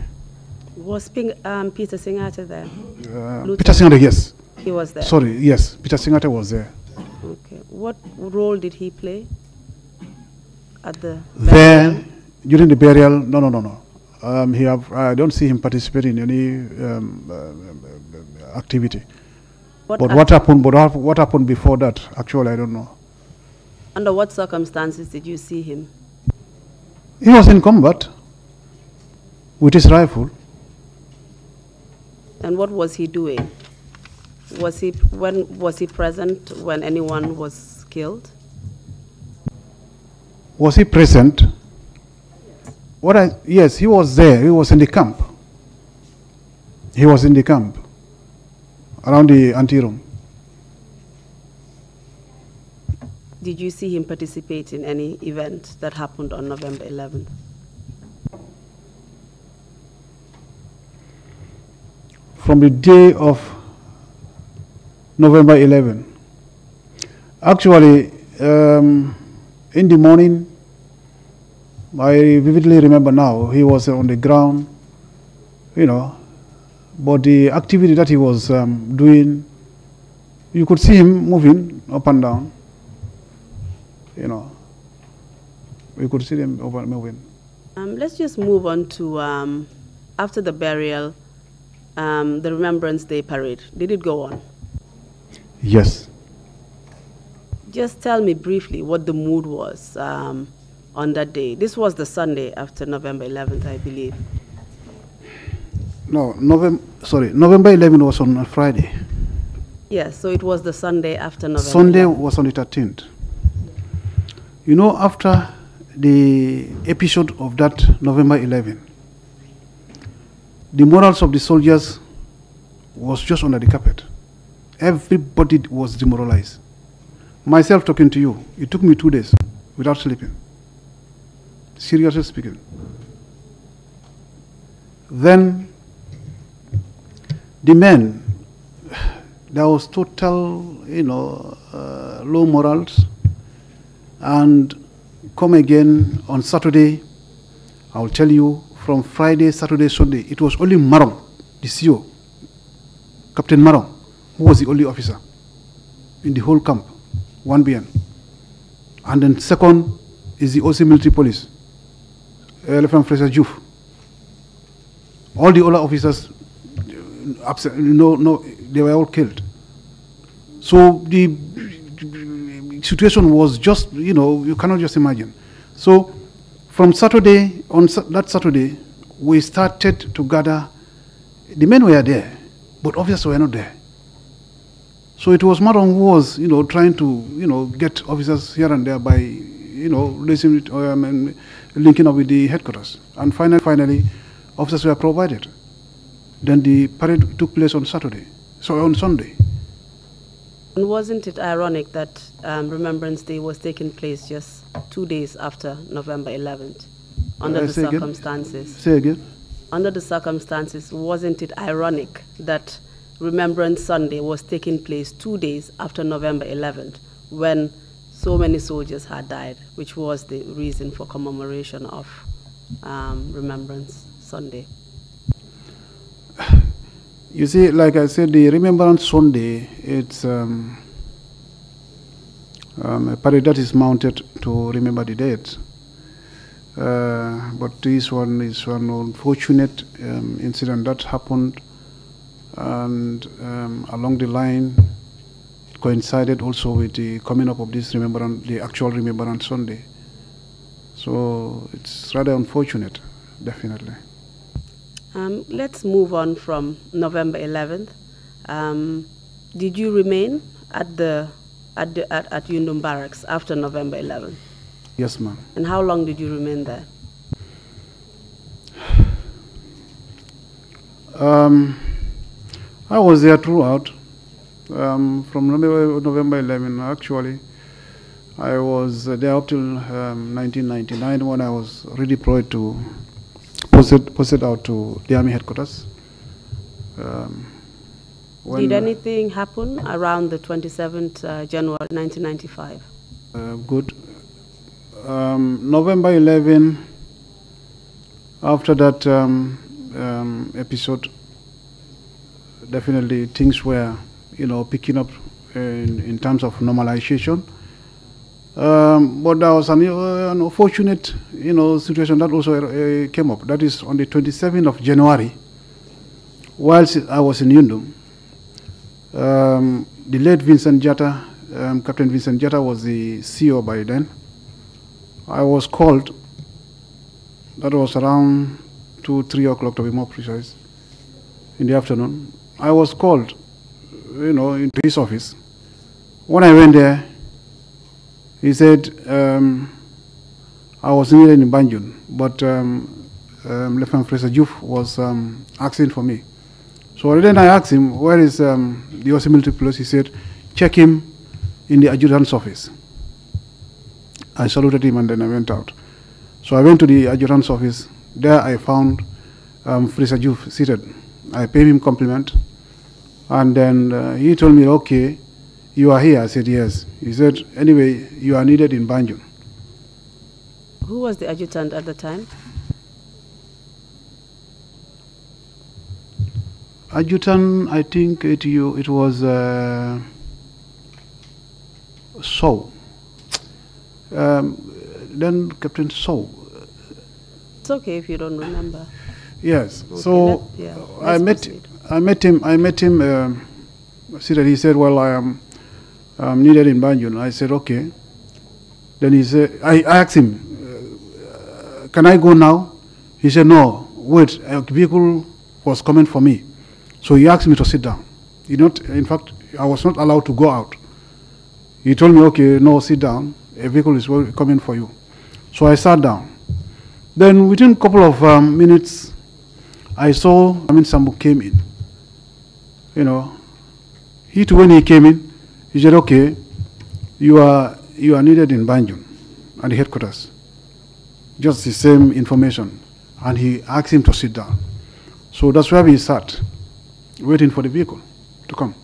Was Ping, um, Peter Singata there? Uh, Peter Singata, yes. He was there. Sorry, yes, Peter Singata was there. Okay. What role did he play at the? There, during the burial, no, no, no, no um, he have, I don't see him participating in any um, uh, activity. What but what happened? But what happened before that? Actually, I don't know. Under what circumstances did you see him? He was in combat with his rifle. And what was he doing? Was he when was he present when anyone was killed? Was he present? What I, yes, he was there. He was in the camp. He was in the camp around the anteroom. Did you see him participate in any event that happened on November 11th? From the day of November 11th. Actually, um, in the morning, I vividly remember now he was uh, on the ground, you know, but the activity that he was um, doing, you could see him moving up and down, you know. You could see him moving. Um, let's just move on to um, after the burial, um, the Remembrance Day parade. Did it go on? Yes. Just tell me briefly what the mood was. Um, on that day. This was the Sunday after November 11th, I believe. No, November, sorry, November 11th was on Friday. Yes, so it was the Sunday after November. Sunday 11th. was on the 13th. You know, after the episode of that November 11th, the morals of the soldiers was just under the carpet. Everybody was demoralized. Myself talking to you, it took me two days without sleeping seriously speaking. Then the men, there was total, you know, uh, low morals. And come again on Saturday, I'll tell you from Friday, Saturday, Sunday, it was only Marom, the CEO, Captain Marom, who was the only officer in the whole camp, 1BN. And then second is the OC military police. Lieutenant Fraser Diouf. All the other officers, absent, no, no, they were all killed. So the situation was just, you know, you cannot just imagine. So from Saturday, on that Saturday, we started to gather. The men were there, but officers were not there. So it was Madam who was, you know, trying to, you know, get officers here and there by you know, um, uh, and linking up with the headquarters. And finally, finally, officers were provided. Then the parade took place on Saturday, so on Sunday. And wasn't it ironic that um, Remembrance Day was taking place just two days after November 11th, uh, under uh, the say circumstances? Again? Say again. Under the circumstances, wasn't it ironic that Remembrance Sunday was taking place two days after November 11th, when so many soldiers had died, which was the reason for commemoration of um, Remembrance Sunday. You see, like I said, the Remembrance Sunday, it's um, um, a parade that is mounted to remember the dead. Uh, but this one is an unfortunate um, incident that happened, and um, along the line, coincided also with the coming up of this remembrance, the actual Remembrance Sunday. So it's rather unfortunate, definitely. Um, let's move on from November 11th. Um, did you remain at the at the, at, at Yundum Barracks after November 11th? Yes, ma'am. And how long did you remain there? Um, I was there throughout um, from November, 11, actually, I was there up till um, 1999 when I was redeployed to, posted, posted out to the Army headquarters. Um, Did anything happen around the 27th uh, January 1995? Uh, good. Um, November 11, after that um, um, episode, definitely things were you know, picking up in, in terms of normalization. Um, but there was an, uh, an, unfortunate, you know, situation that also uh, came up. That is on the 27th of January, whilst I was in Yundum, um, the late Vincent Jatta, um, Captain Vincent Jatta was the CEO by then. I was called. That was around two, three o'clock to be more precise, in the afternoon. I was called you know, into his office. When I went there, he said, um, I was needed in Banjul, but um, um, Lieutenant Fraser Juf was um, asking for me. So then I asked him, where is um, the US military police? He said, check him in the adjutant's office. I saluted him and then I went out. So I went to the adjutant's office. There I found um, Fraser Juf seated. I paid him compliment and then uh, he told me, okay, you are here. I said, yes. He said, anyway, you are needed in Banjul. Who was the adjutant at the time? Adjutant, I think it, you, it was uh, So. Um, then Captain So. It's okay if you don't remember. Yes. Okay, so let, yeah, I met. I met him. I met him. Uh, he said, "Well, I am I'm needed in Banjul." I said, "Okay." Then he said, "I, I asked him, uh, can I go now?" He said, "No, wait. A vehicle was coming for me, so he asked me to sit down. He not. In fact, I was not allowed to go out. He told me, "Okay, no, sit down. A vehicle is coming for you." So I sat down. Then within a couple of um, minutes, I saw I mean, Sambu came in you know, he too, when he came in, he said, okay, you are, you are needed in Banjul and the headquarters. Just the same information. And he asked him to sit down. So that's where we sat, waiting for the vehicle to come.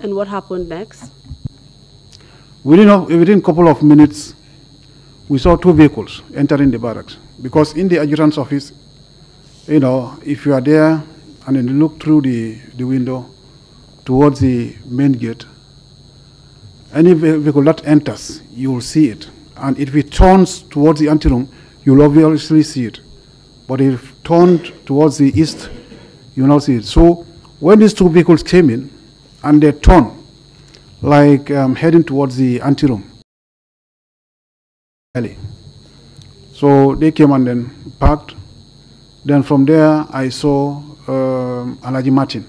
And what happened next? Within a, within couple of minutes, we saw two vehicles entering the barracks because in the adjutant's office, you know, if you are there and then look through the, the window towards the main gate, any vehicle that enters, you will see it. And if it turns towards the anteroom, you'll obviously see it. But if turned towards the east, you'll not see it. So when these two vehicles came in and they turned, like um, heading towards the anteroom, so they came and then parked then from there, I saw um, Alaji Martin.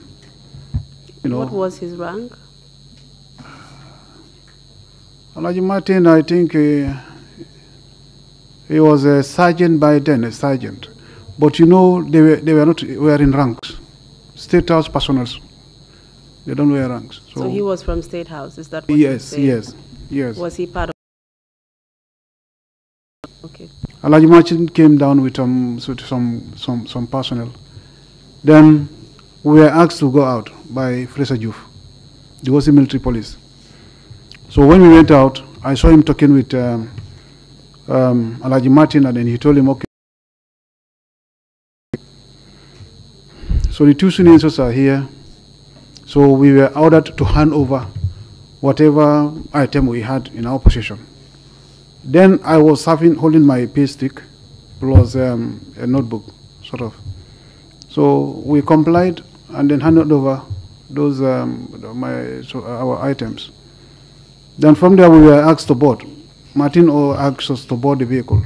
You know, what was his rank? Alaji Martin, I think he, uh, he was a sergeant by then, a sergeant. But you know, they were, they were not wearing ranks. State House personnel, they don't wear ranks. So, so, he was from State House, is that what Yes, yes, yes. Was he part of? Okay. Elijah Martin came down with um, some, some, some personnel. Then we were asked to go out by Fraser Juf, the was military police. So when we went out, I saw him talking with um, um, Martin, and then he told him, okay. So the two senior officers are here. So we were ordered to hand over whatever item we had in our possession. Then I was having holding my pay stick plus um, a notebook, sort of. So we complied and then handed over those um, my so our items. Then from there we were asked to board. Martin asked us to board the vehicle.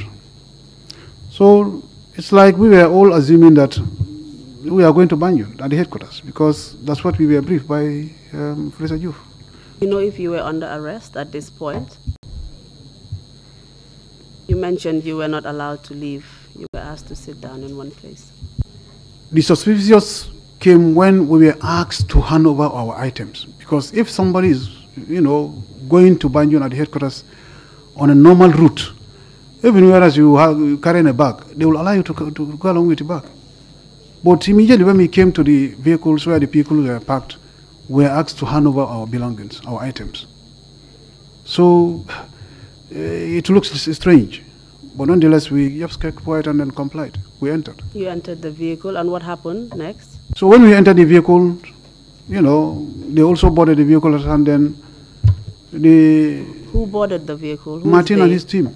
So it's like we were all assuming that we are going to ban you at the headquarters because that's what we were briefed by um, Fraser Youth. You know if you were under arrest at this point? You mentioned you were not allowed to leave. You were asked to sit down in one place. The suspicious came when we were asked to hand over our items. Because if somebody is, you know, going to Banjun at the headquarters on a normal route, even whereas you are carrying a bag, they will allow you to, to go along with the bag. But immediately when we came to the vehicles where the people were parked, we were asked to hand over our belongings, our items. So Eh, it looks strange. But nonetheless, we just kept quiet and then complied. We entered. You entered the vehicle, and what happened next? So when we entered the vehicle, you know, they also boarded the vehicle, and then the... Who boarded the vehicle? Who Martin and his team.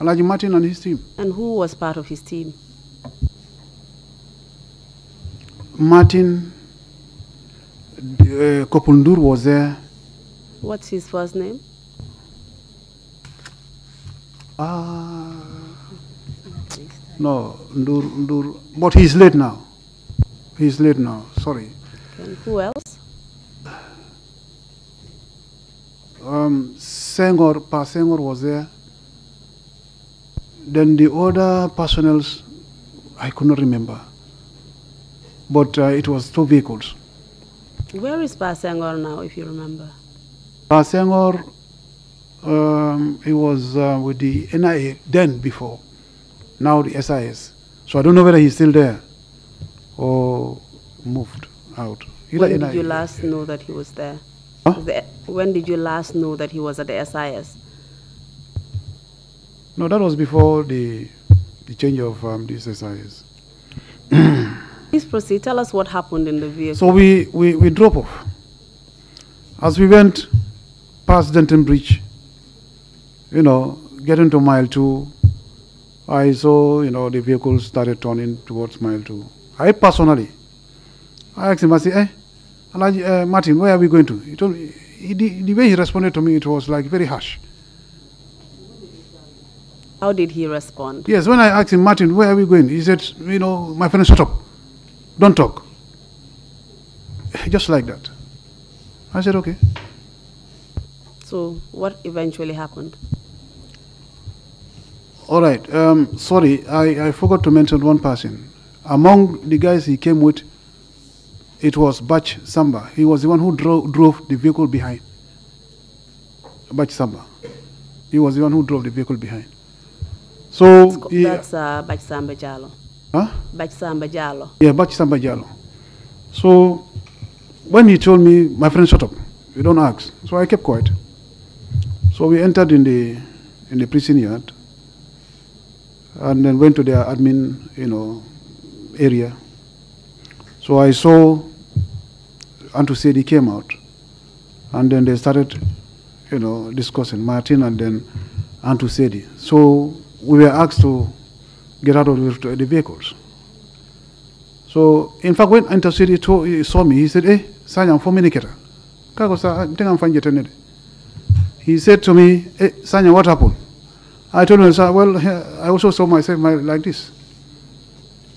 Alaji Martin and his team. And who was part of his team? Martin uh, eh, Kopundur was there. What's his first name? Ah. No, Ndur, Ndur. But he's late now. He's late now. Sorry. And who else? Um, Sengor, Pa Sengor was there. Then the other personnels, I could not remember. But uh, it was two vehicles. Where is Pa Sengor now, if you remember? Pa Sengor um, he was uh, with the NIA then before, now the SIS. So I don't know whether he's still there or moved out. He when did you last know that he was there? Huh? The, when did you last know that he was at the SIS? No, that was before the the change of um, the SIS. Please proceed. Tell us what happened in the vehicle. So we, we, we drop off. As we went past Denton Bridge, you know, get into mile two, I saw, you know, the vehicles started turning towards mile two. I personally, I asked him, I said, eh, uh, Martin, where are we going to? He told me, he, the, the way he responded to me, it was like very harsh. How did he respond? Yes, when I asked him, Martin, where are we going? He said, you know, my friend, stop. Don't talk. Just like that. I said, okay. So what eventually happened? All right. Um, sorry, I, I forgot to mention one person. Among the guys he came with, it was Bach Samba. He was the one who dro- drove the vehicle behind. Bach Samba. He was the one who drove the vehicle behind. So that's, he, that's uh, Bach Samba Jalo. Huh? Bach Samba Jalo. Yeah, Bach Samba Jalo. So when he told me, my friend, shut up. You don't ask. So I kept quiet. So we entered in the in the prison yard and then went to their admin, you know, area. So I saw Antu Sedi came out and then they started, you know, discussing Martin and then Anto Sedi. So we were asked to get out of the vehicles. So, in fact, when Antu Sedi saw me, he said, hey, Sanyam, for me, Kago sa, tengan fanje tenede he said to me, hey, eh, Sanya, what happened? I told him, well, I also saw myself like this.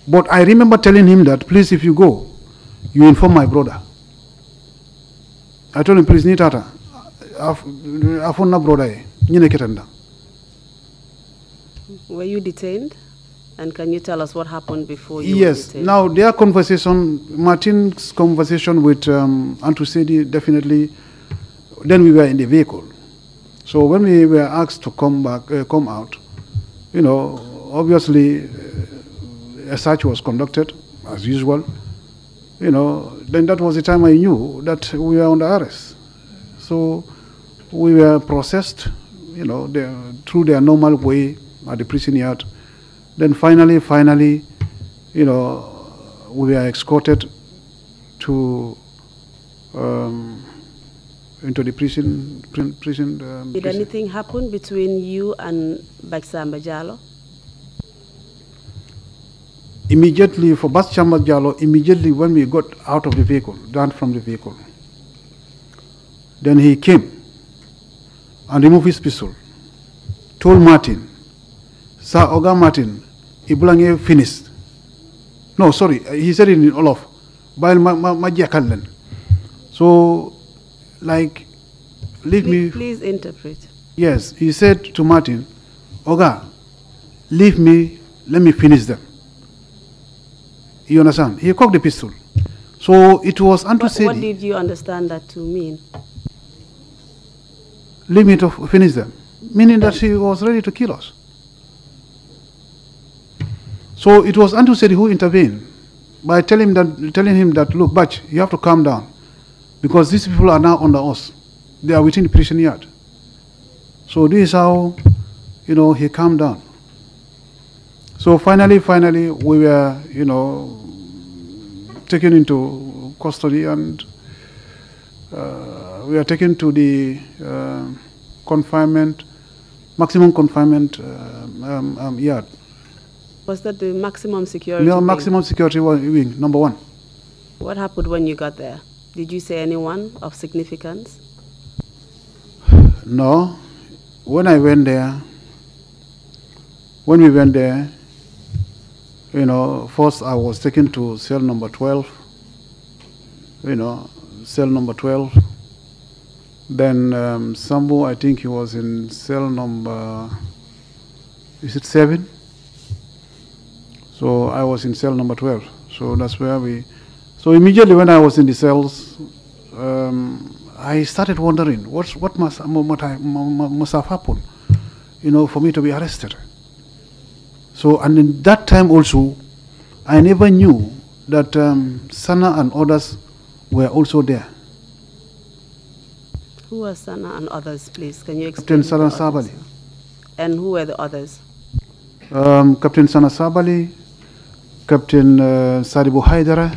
But I remember telling him that, please, if you go, you inform my brother. I told him, please, Nitata, Afonna brother, Nine Ketenda. Were you detained? And can you tell us what happened before you Yes. now, their conversation, Martin's conversation with um, Antusedi, definitely, then we were in the vehicle. So when we were asked to come back, uh, come out, you know, obviously uh, a search was conducted as usual. You know, then that was the time I knew that we were under arrest. So we were processed, you know, the, through their normal way at the prison yard. Then finally, finally, you know, we were escorted to um, into the prison. prison, prison um, Did prison. anything happen between you and Baxamba Jalo? Immediately, for Baxamba Jalo, immediately when we got out of the vehicle, down from the vehicle, then he came and removed his pistol, told Martin, Sir Oga Martin, Ibulange finished. No, sorry, he said it in Olof. So like, leave please, me. Please interpret. Yes, he said to Martin, Oga, leave me, let me finish them. You understand? He cocked the pistol. So it was unto what, What did you understand that to mean? Leave me to finish them, meaning that he was ready to kill us. So it was Antu Sedi who intervened by telling him that, telling him that look, Bach, you have to calm down. Because these people are now under us. They are within the prison yard. So this is how, you know, he calmed down. So finally, finally, we were, you know, taken into custody and uh, we were taken to the uh, confinement, maximum confinement um, um, um, yard. Was that the maximum security? No, maximum security wing, number one. What happened when you got there? Did you see anyone of significance? No. When I went there, when we went there, you know, first I was taken to cell number 12, you know, cell number 12. Then um, Sambu, I think he was in cell number, is it seven? So I was in cell number 12. So that's where we, so immediately when I was in the cells, um, I started wondering what's, what must, what I, must have happened, you know, for me to be arrested. So and in that time also, I never knew that um, Sana and others were also there. Who are Sana and others, please? Can you explain? Captain Sana Sabali. And who were the others? Um, Captain Sana Sabali, Captain uh, Saribu Haidara.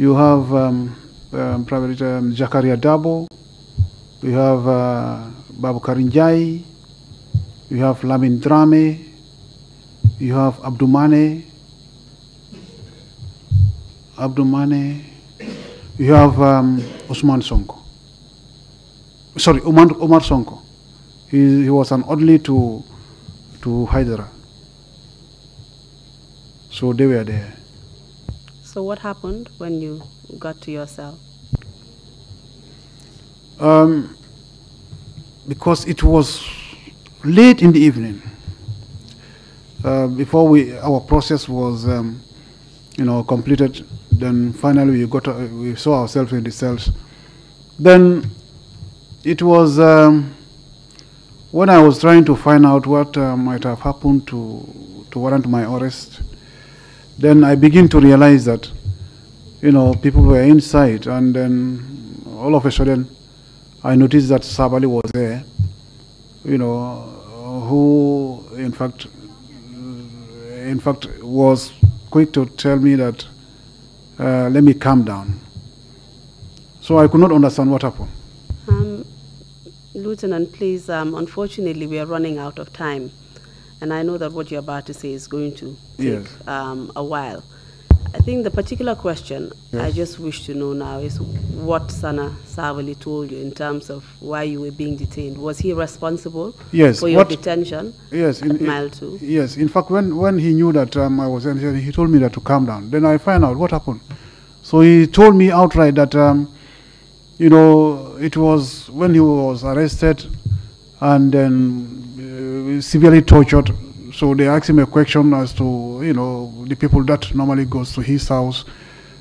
You have um, um, Private um, Jakaria Dabo, you have uh, Babu Karinjai, you have Lamin Drame, you have Abdumane, Abdumane, you have um, Usman Sonko. Sorry, Umar, Umar Sonko. He, he was an only to, to Hyderabad. So they were there. So what happened when you got to your cell? Um, because it was late in the evening. Uh, before we, our process was, um, you know, completed. Then finally, we got, uh, we saw ourselves in the cells. Then it was um, when I was trying to find out what uh, might have happened to to warrant my arrest then I begin to realize that, you know, people were inside, and then all of a sudden, I noticed that Sabali was there, you know, who in fact, in fact, was quick to tell me that, uh, let me calm down. So I could not understand what happened. Um, Lieutenant, please, um, unfortunately, we are running out of time and I know that what you're about to say is going to take yes. um, a while. I think the particular question yes. I just wish to know now is what Sana Savali told you in terms of why you were being detained. Was he responsible yes, for your what, detention yes, in, mile two? Yes. In fact, when, when he knew that um, I was jail, he told me that to calm down. Then I find out what happened. So he told me outright that, um, you know, it was when he was arrested and then uh, severely tortured. So they asked him a question as to, you know, the people that normally goes to his house.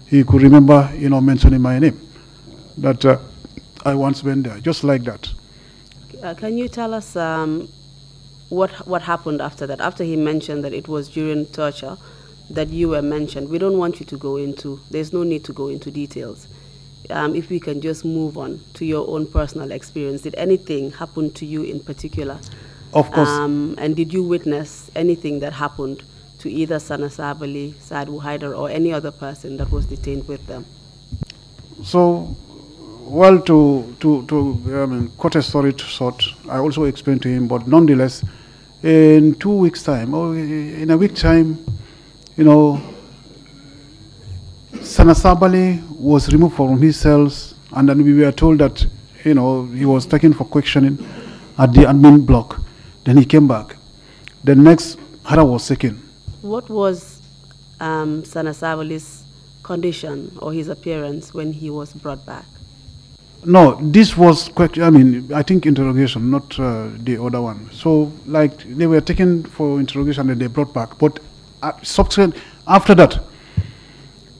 He could remember, you know, mentioning my name, that uh, I once went there, just like that. Uh, can you tell us um, what what happened after that? After he mentioned that it was during torture that you were mentioned, we don't want you to go into. There's no need to go into details. Um, if we can just move on to your own personal experience. Did anything happen to you in particular of course. Um, and did you witness anything that happened to either Sanasabali, Sadhu Haidar, or any other person that was detained with them? So, well, to, to, to I mean, cut a story short, I also explained to him, but nonetheless, in two weeks' time, or in a week's time, you know, Sanasabali was removed from his cells, and then we were told that, you know, he was taken for questioning at the admin block. Then he came back. The next Hara was taken. What was um, Sanasavoli's condition or his appearance when he was brought back? No, this was question. I mean, I think interrogation, not uh, the other one. So, like they were taken for interrogation and they brought back. But uh, subsequent after that,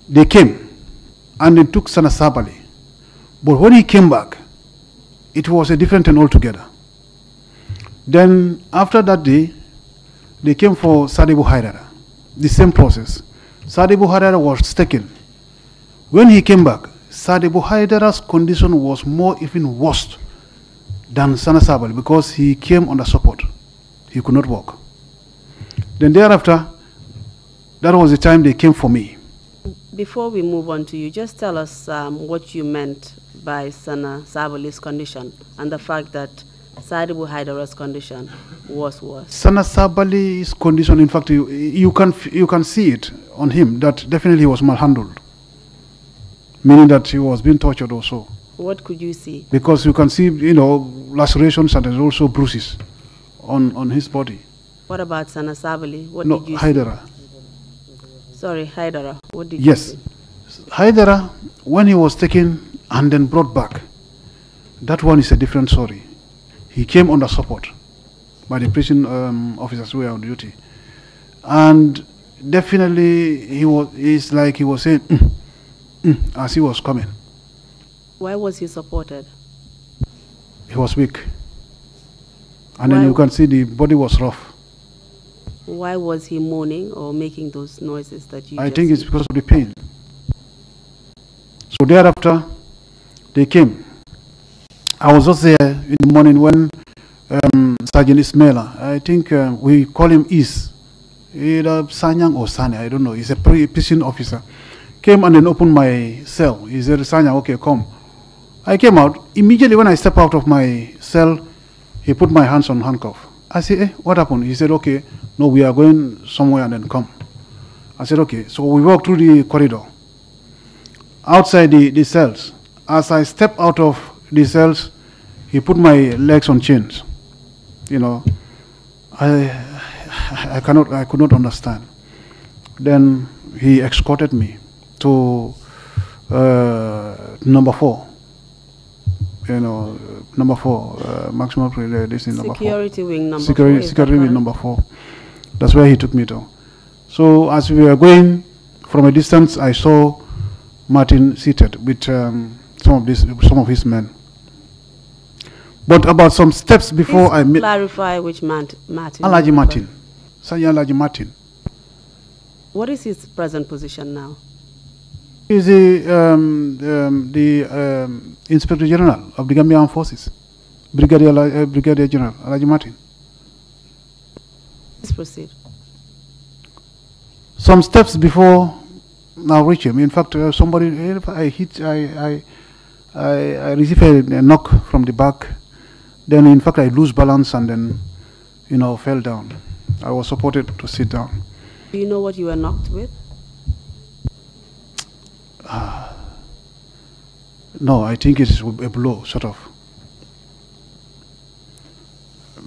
they came and they took Sanasabali. But when he came back, it was a different thing altogether. Then after that day, they came for Sadi Haidara. The same process. Sadi Haidara was taken. When he came back, Sadi Haidara's condition was more even worse than Sana Sabal because he came under support. He could not walk. Then thereafter, that was the time they came for me. Before we move on to you, just tell us um, what you meant by Sana Sabali's condition and the fact that Sadibu Hyder's condition was worse. Sana Sabali's condition, in fact, you, you, can, you can see it on him that definitely he was malhandled, meaning that he was being tortured also. What could you see? Because you can see, you know, lacerations and also bruises on, on his body. What about Sana Sabali? What no, did you Hydera. See? Sorry, Hydera. What did yes. you Yes. Hydera, when he was taken and then brought back, that one is a different story he came under support by the prison um, officers who were on duty. And definitely, he was, it's like he was saying, mm, mm, as he was coming. Why was he supported? He was weak. And Why? then you can see the body was rough. Why was he moaning or making those noises that you I think it's because of the pain. So thereafter, they came I was just there in the morning when um, Sergeant Ismaila, I think uh, we call him Is, either Sanyang or Sanya, I don't know, he's a prison officer, came and then opened my cell. He said, Sanyang, okay, come. I came out. Immediately when I step out of my cell, he put my hands on handcuff. I said, eh, what happened? He said, okay, no, we are going somewhere and then come. I said, okay. So we walked through the corridor, outside the, the cells. As I step out of these cells, he put my legs on chains. You know, I, I cannot, I could not understand. Then he escorted me to uh, number four. You know, number four, uh, maximum priority. Uh, this is number four. Wing number security wing Security wing number four. That's where he took me to. So as we were going from a distance, I saw Martin seated with um, some of this, some of his men. But about some steps before Please I meet. Clarify which man, Martin. Alaji Martin. Sanya Alaji Martin. What is his present position now? He the, um, um, the um, Inspector General of the Gambian Forces, Brigadier, uh, Brigadier General Alaji Martin. Please proceed. Some steps before I reach him. In fact, uh, somebody I hit, I, I, I, I received a, a knock from the back then, in fact, I lose balance and then, you know, fell down. I was supported to sit down. Do you know what you were knocked with? Uh, no, I think it's a blow, sort of.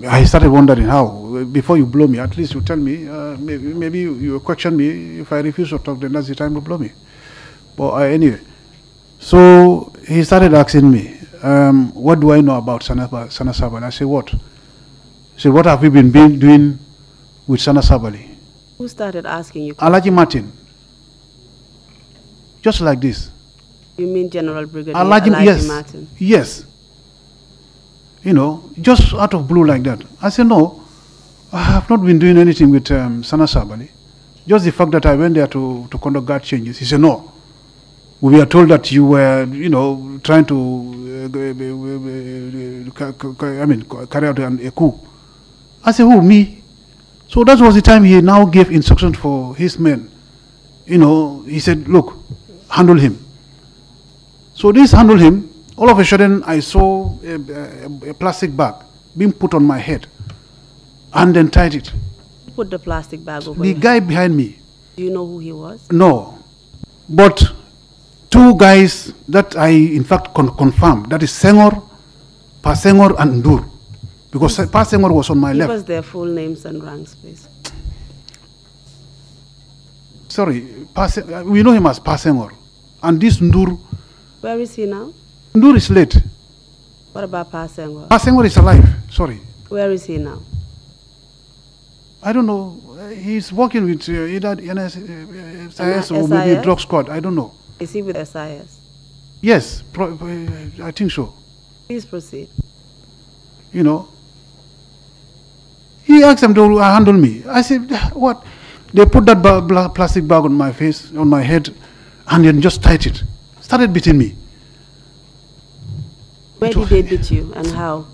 I started wondering how. Before you blow me, at least you tell me. Uh, maybe, maybe you, you, question me. If I refuse to talk, then that's the time to blow me. But uh, anyway, so he started asking me, um, what do I know about Sana, Sana Sabali? I said, what? He said, what have you been, doing with Sana Sabali? Who started asking you? Alaji Martin. Just like this. You mean General Brigadier Alaji, Alaji yes, Martin? Yes. You know, just out of blue like that. I said, no, I have not been doing anything with um, Sana Sabali. Just the fact that I went there to, to conduct guard changes. He said, no we are told that you were, you know, trying to, uh, I mean, carry out an, a coup. I said, who, me? So that was the time he now gave instructions for his men. You know, he said, look, handle him. So this handle him, all of a sudden I saw a, a, a plastic bag being put on my head and then tied it. Put the plastic bag over The guy head. behind me. Do you know who he was? No. But two guys that I, in fact, con confirmed. That is Sengor, Pasengor, and Ndur. Because Pasengor was on my Give left. Give us their full names and ranks, please? Sorry, Pase we know him as Pasengor. And this Ndur. Where is he now? Ndur is late. What about Pasengor? Pasengor is alive, sorry. Where is he now? I don't know. He's working with uh, either NS, uh, SIS, uh, or maybe drug squad. I don't know. Is he with SIS? Yes, I think so. Please proceed. You know, he asked them to handle me. I said, what? They put that plastic bag on my face, on my head, and then just tied it. Started beating me. Where it did was, they beat you and how?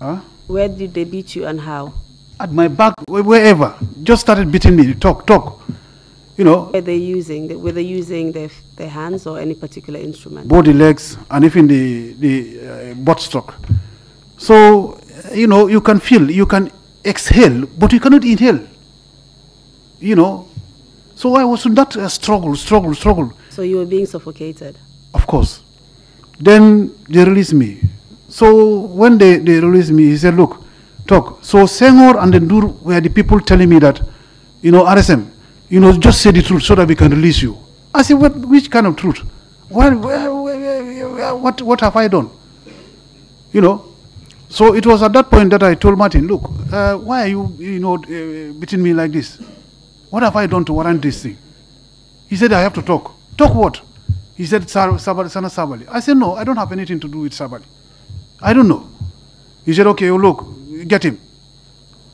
Huh? Where did they beat you and how? At my back, wherever. Just started beating me. Talk, talk you know. Where they're using, whether using their, their hands or any particular instrument. Body, legs, and even the, the uh, buttstock. So, you know, you can feel, you can exhale, but you cannot inhale. You know, so I was in that uh, struggle, struggle, struggle. So you were being suffocated? Of course. Then they released me. So when they, they released me, he said, look, talk. So Senghor and Ndur were the people telling me that, you know, RSM, you know, just say the truth so that we can release you. I said, what, which kind of truth? What, what, what have I done? You know, so it was at that point that I told Martin, look, uh, why are you, you know, uh, beating me like this? What have I done to warrant this thing? He said, I have to talk. Talk what? He said, Sar- Sabali, Sana Sabali. I said, no, I don't have anything to do with Sabali. I don't know. He said, okay, well, oh, look, get him.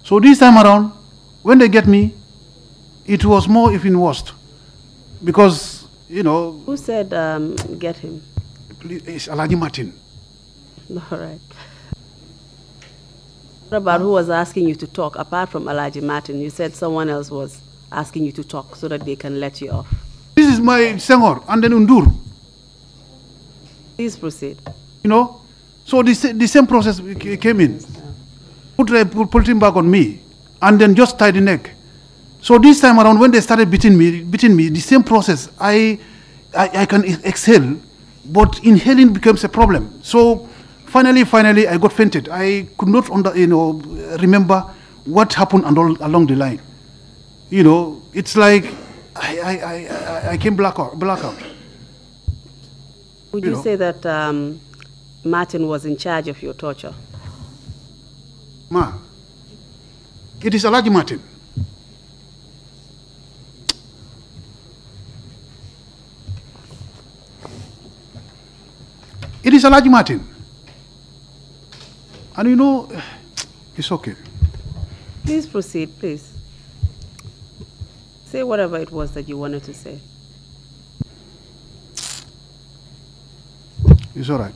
So this time around, when they get me, it was more even worse because, you know. Who said um, get him? It's eh, Aladi Martin. All right. What about who was asking you to talk apart from Alaji Martin? You said someone else was asking you to talk so that they can let you off. This is my Senghor and then Undur. Please proceed. You know, so this, the same process came in. Put, put him back on me and then just tie the neck. So this time around, when they started beating me, beating me, the same process. I, I, I can exhale, but inhaling becomes a problem. So finally, finally, I got fainted. I could not under, you know, remember what happened all, along the line. You know, it's like I, I, I, I came blackout. blackout. Would you, you know. say that um, Martin was in charge of your torture? Ma, it is large Martin. large Martin. And you know, it's okay. Please proceed, please. Say whatever it was that you wanted to say. It's all right.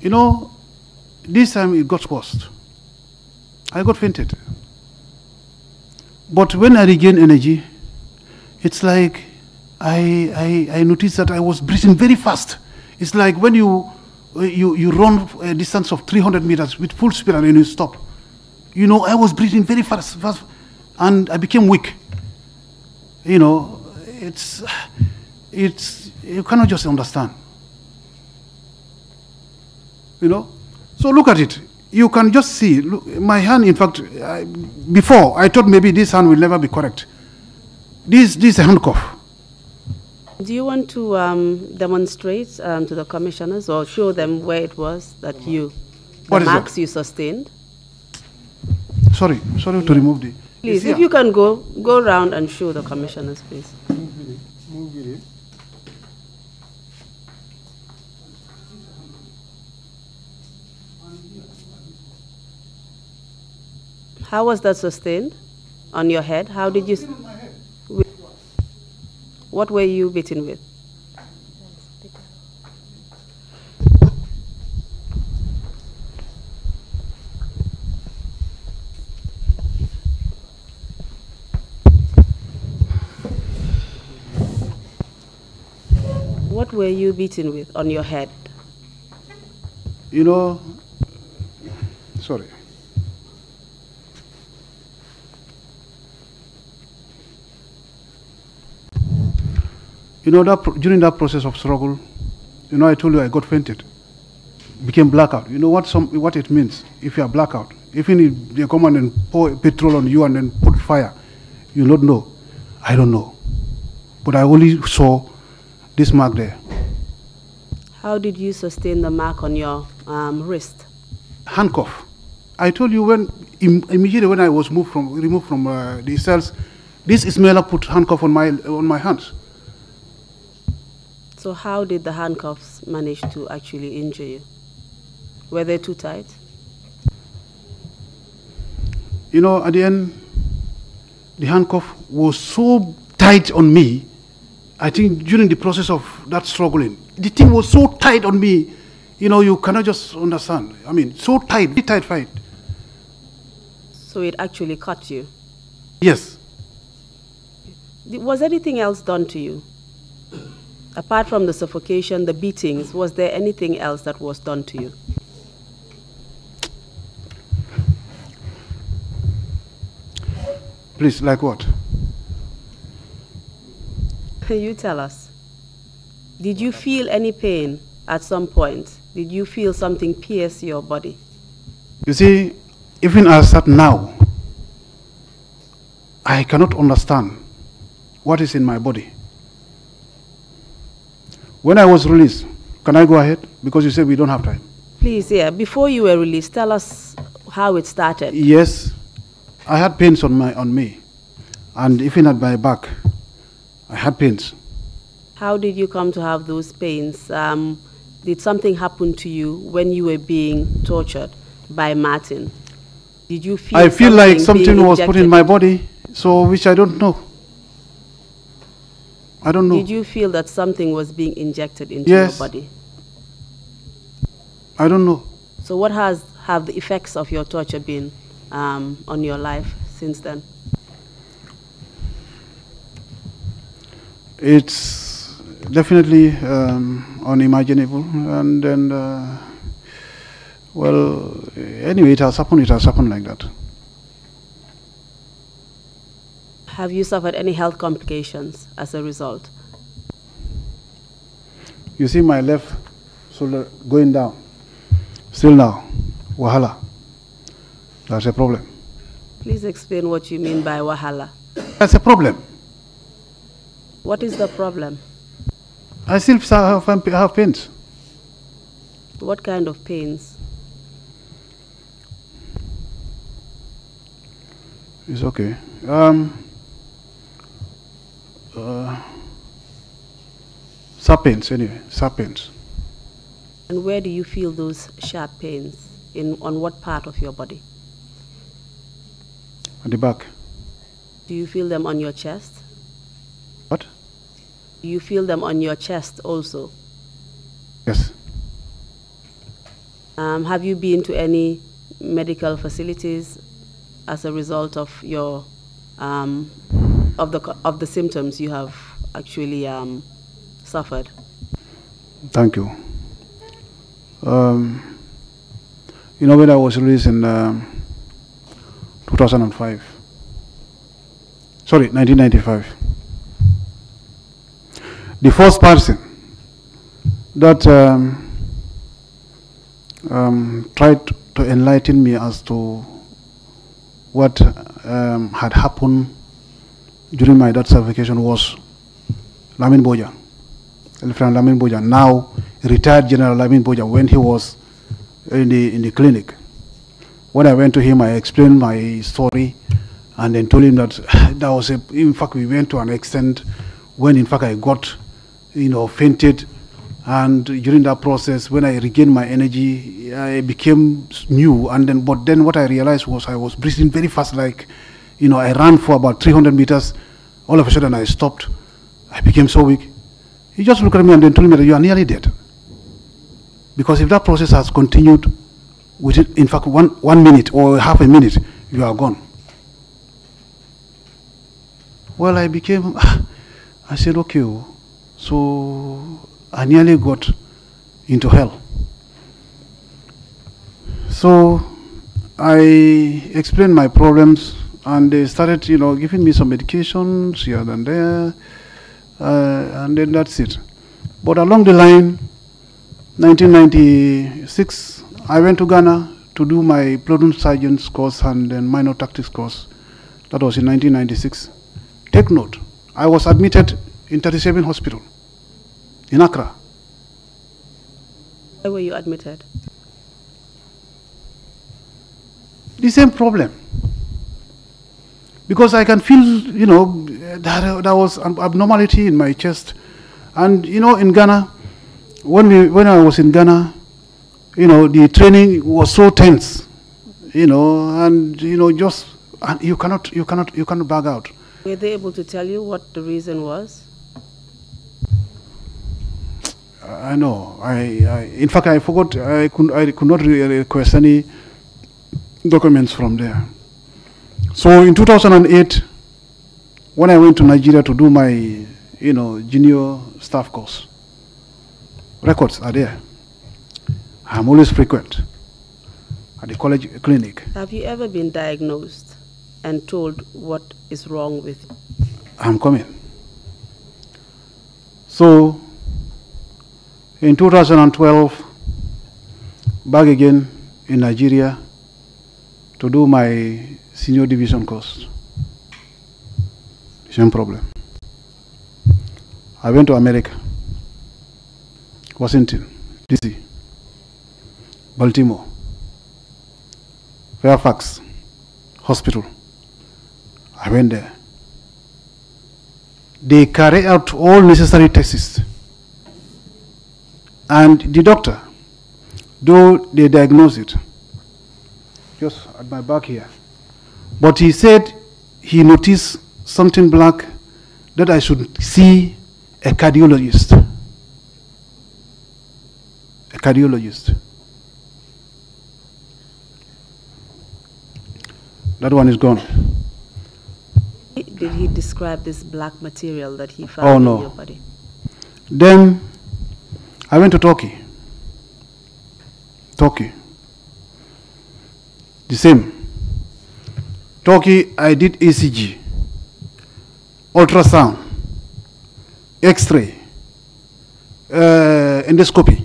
You know, this time it got worse. I got fainted. But when I regained energy, it's like I, I, I noticed that I was breathing very fast. It's like when you uh, you, you run a distance of 300 meters with full speed and then you stop. You know, I was breathing very fast, fast and I became weak. You know, it's, it's, you cannot just understand. You know? So look at it. You can just see, look, my hand, in fact, I, before I thought maybe this hand will never be correct. This, this is a handcuff. Do you want to um, demonstrate um, to the commissioners or show them where it was that you, the marks that? you sustained? Sorry, sorry yeah. to remove the. Please, if you can go, go round and show the commissioners, please. Move it, move it. How was that sustained on your head? How did you? What were you beaten with? What were you beaten with on your head? You know, sorry. You know, that during that process of struggle, you know, I told you I got fainted, became blackout. You know what, some, what it means if you are blackout? Even if they come and pour petrol on you and then put fire, you don't know. I don't know. But I only saw this mark there. How did you sustain the mark on your um, wrist? Handcuff. I told you when immediately when I was moved from removed from uh, the cells, this Ismaila put handcuff on my on my hands. So how did the handcuffs manage to actually injure you? Were they too tight? You know, at the end, the handcuff was so tight on me. I think during the process of that struggling, the thing was so tight on me. You know, you cannot just understand. I mean, so tight, the tight fight. So it actually cut you? Yes. Was anything else done to you? Apart from the suffocation, the beatings, was there anything else that was done to you? Please, like what? Can you tell us? Did you feel any pain at some point? Did you feel something pierce your body? You see, even as at now, I cannot understand what is in my body. When I was released, can I go ahead? Because you said we don't have time. Please, yeah. Before you were released, tell us how it started. Yes, I had pains on my on me, and even at my back, I had pains. How did you come to have those pains? Um, did something happen to you when you were being tortured by Martin? Did you feel? I feel something like something was put in my body, so which I don't know. I don't know. Did you feel that something was being injected into yes. your body? I don't know. So what has have the effects of your torture been um, on your life since then? It's definitely um, unimaginable, and then uh, well, anyway, it has happened. It has happened like that. have you suffered any health complications as a result? You see my left shoulder going down. Still now. Wahala. That's a problem. Please explain what you mean by wahala. That's a problem. What is the problem? I still have, have pains. What kind of pains? It's okay. Um, uh, sharp pains anyway, sharp pains. And where do you feel those sharp pains? In on what part of your body? At the back. Do you feel them on your chest? What? Do you feel them on your chest also? Yes. Um, have you been to any medical facilities as a result of your um, of the of the symptoms you have actually um, suffered? Thank you. Um, you know, when I was released in um, 2005, sorry, 1995, the first person that um, um, tried to enlighten me as to what um, had happened during my dad's certification was Lamin Boja, friend Lamin Boja, now retired General Lamin Boja, when he was in the, in the clinic. When I went to him, I explained my story and then told him that that was a, in fact, we went to an extent when in fact I got, you know, fainted. And during that process, when I regained my energy, I became new. And then, but then what I realized was I was breathing very fast, like you know, I ran for about 300 meters. All of a sudden, I stopped. I became so weak. He just looked at me and then told me that you are nearly dead. Because if that process has continued within, in fact, one, one minute or half a minute, you are gone. Well, I became, I said, okay, oh, so I nearly got into hell. So I explained my problems and they started, you know, giving me some medications here and there, uh, and then that's it. But along the line, 1996, I went to Ghana to do my platoon sergeant's course and then minor tactics course. That was in 1996. Take note, I was admitted in 37 Hospital in Accra. Where were you admitted? The same problem because I can feel, you know, that uh, that was an abnormality in my chest. And, you know, in Ghana, when, we, when I was in Ghana, you know, the training was so tense, you know, and, you know, just, and you cannot, you cannot, you cannot bug out. Were they able to tell you what the reason was? I know. I, I, in fact, I forgot. I could, I could not request any documents from there. So in 2008, when I went to Nigeria to do my, you know, junior staff course, records are there. I'm always frequent at the college clinic. Have you ever been diagnosed and told what is wrong with you? I'm coming. So, in 2012, back again in Nigeria to do my senior division course. Same problem. I went to America, Washington, D.C., Baltimore, Fairfax Hospital. I went there. They carry out all necessary tests. And the doctor, though they diagnose it, just at my back here, but he said he noticed something black that I should see a cardiologist. A cardiologist. That one is gone. Did he describe this black material that he found oh, no. in your body? Then I went to Turkey. Turkey. The same. Turkey, I did ECG, ultrasound, X-ray, uh, endoscopy.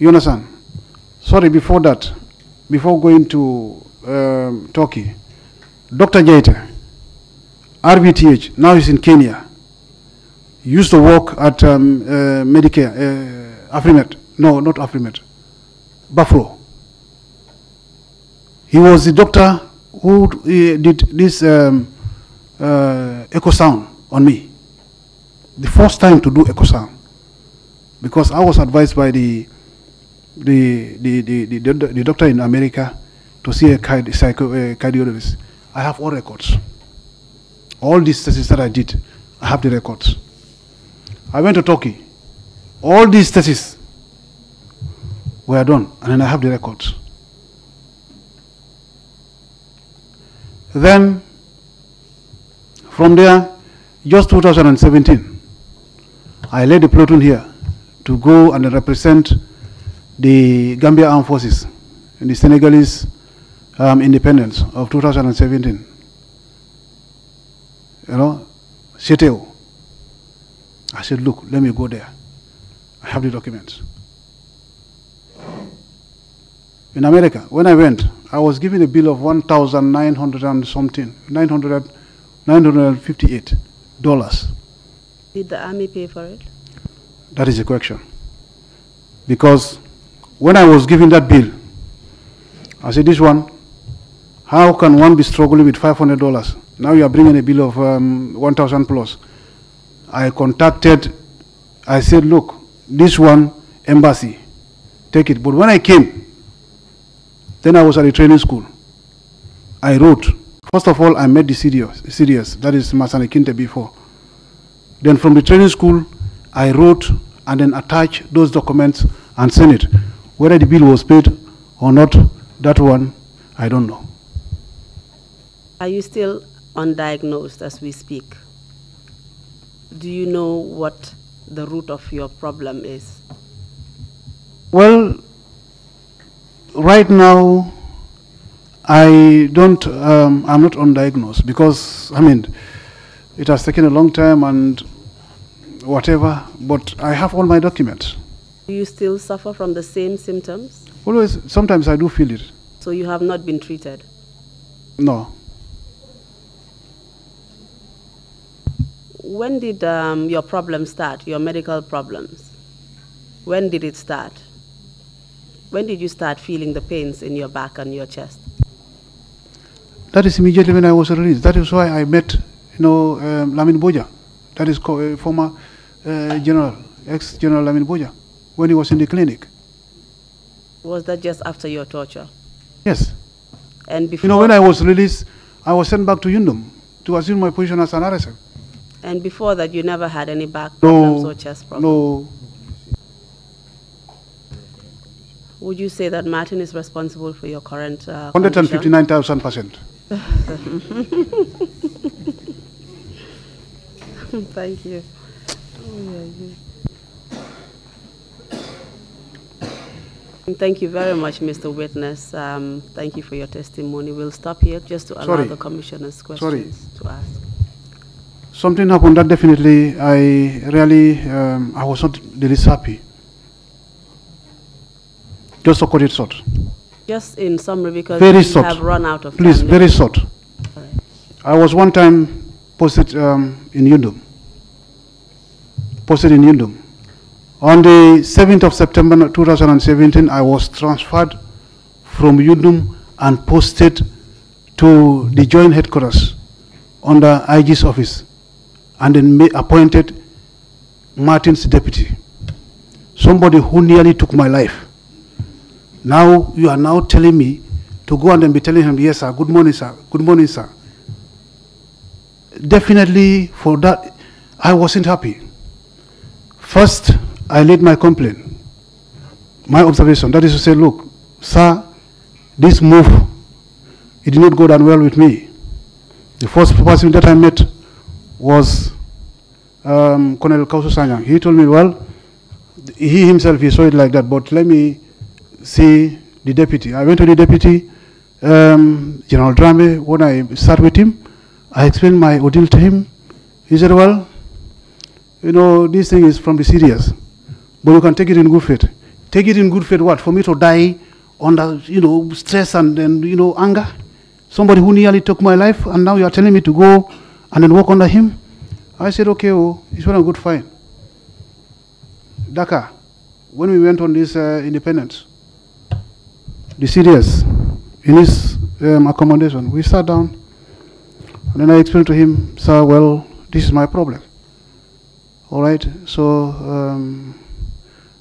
You understand? Sorry, before that, before going to um, Turkey, Dr. Jaita, RVTH, now he's in Kenya, he used to work at um, uh, Medicare, uh, Afrimet, no, not Afrimet, Buffalo. He was the doctor who eh, did this um, uh, echo sound on me. The first time to do echo sound, because I was advised by the the the the, the, the doctor in America to see a psycho, uh, cardiologist. I have all records. All these tests that I did, I have the records. I went to Turkey. All these tests were done, and then I have the records. Then, from there, just 2017, I led a platoon here to go and represent the Gambia Armed Forces in the Senegalese um, independence of 2017. You know, CTO. I said, look, let me go there. I have the documents in America. When I went, I was given a bill of 1,900 and something, 900, 958 dollars. Did the army pay for it? That is a question. Because when I was given that bill, I said, this one, how can one be struggling with $500? Now you are bringing a bill of um, 1,000 plus. I contacted, I said, look, this one, embassy, take it. But when I came, then I was at a training school. I wrote. First of all, I met the serious—that that is Masane Kinte before. Then from the training school, I wrote and then attached those documents and sent it. Whether the bill was paid or not, that one, I don't know. Are you still undiagnosed as we speak? Do you know what the root of your problem is? Well, right now, I don't, um, I'm not undiagnosed because, I mean, it has taken a long time and whatever, but I have all my documents. Do you still suffer from the same symptoms? Always, sometimes I do feel it. So you have not been treated? No. When did um, your problem start, your medical problems? When did it start? When did you start feeling the pains in your back and your chest? That is immediately when I was released. That is why I met, you know, um, Lamin Boja. That is uh, former uh, general, ex-general Lamin Boja, when he was in the clinic. Was that just after your torture? Yes. And before? You know, when I was released, I was sent back to Yundum to assume my position as an RSF. And before that, you never had any back problems no, or chest problems? No, Would you say that Martin is responsible for your current uh, 159,000%. Thank you. Thank you very much, Mr. Witness. Um, thank you for your testimony. We'll stop here just to allow Sorry. the commissioners questions Sorry. to ask. Something happened that definitely I really um, I was not really happy. Just so cut it short. Just in summary, because very we short. have run out of Please, time. very short. Right. I was one time posted um, in Yundum. Posted in Yundum. On the 7th of September 2017, I was transferred from Yundum and posted to the joint headquarters under IG's office and then appointed Martin's deputy, somebody who nearly took my life. Now you are now telling me to go and then be telling him, yes, sir, good morning, sir, good morning, sir. Definitely for that, I wasn't happy. First, I laid my complaint, my observation. That is to say, look, sir, this move, it did not go down well with me. The first person that I met was um, Colonel Kaususanya. He told me, well, he himself, he saw it like that, but let me see the deputy. I went to the deputy, um, General Drambe, when I sat with him, I explained my ordeal to him. He said, well, you know, this thing is from the serious, but you can take it in good faith. Take it in good faith, what? For me to die under, you know, stress and, and you know, anger? Somebody who nearly took my life, and now you are telling me to go and then walk under him? I said, okay, oh, it's one and good, fine. Dhaka, when we went on this uh, independence, the serious in his um, accommodation. We sat down, and then I explained to him, sir, well, this is my problem. All right, so um,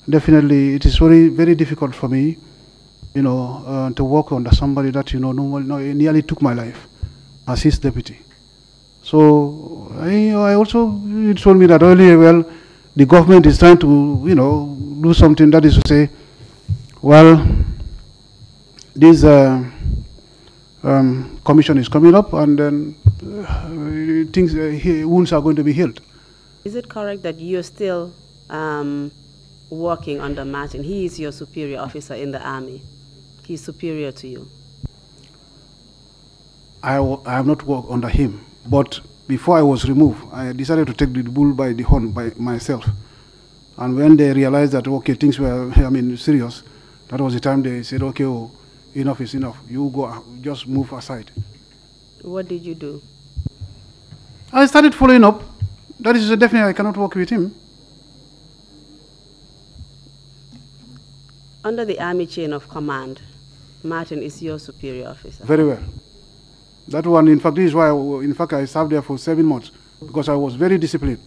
definitely it is very, very difficult for me, you know, uh, to work under somebody that, you know, normally, no, nearly took my life as his deputy. So I, I also, he told me that earlier, well, the government is trying to, you know, do something that is to say, well, this uh, um, commission is coming up and then uh, things, uh, wounds are going to be healed. Is it correct that you're still um, working under Martin? He is your superior officer in the army. He's superior to you. I, have not worked under him, but before I was removed, I decided to take the bull by the horn by myself. And when they realized that, okay, things were, I mean, serious, that was the time they said, okay, oh, enough is enough. You go, uh, just move aside. What did you do? I started following up. That is definitely I cannot work with him. Under the army chain of command, Martin is your superior officer. Very well. That one, in fact, is why, I, in fact, I served there for seven months because I was very disciplined.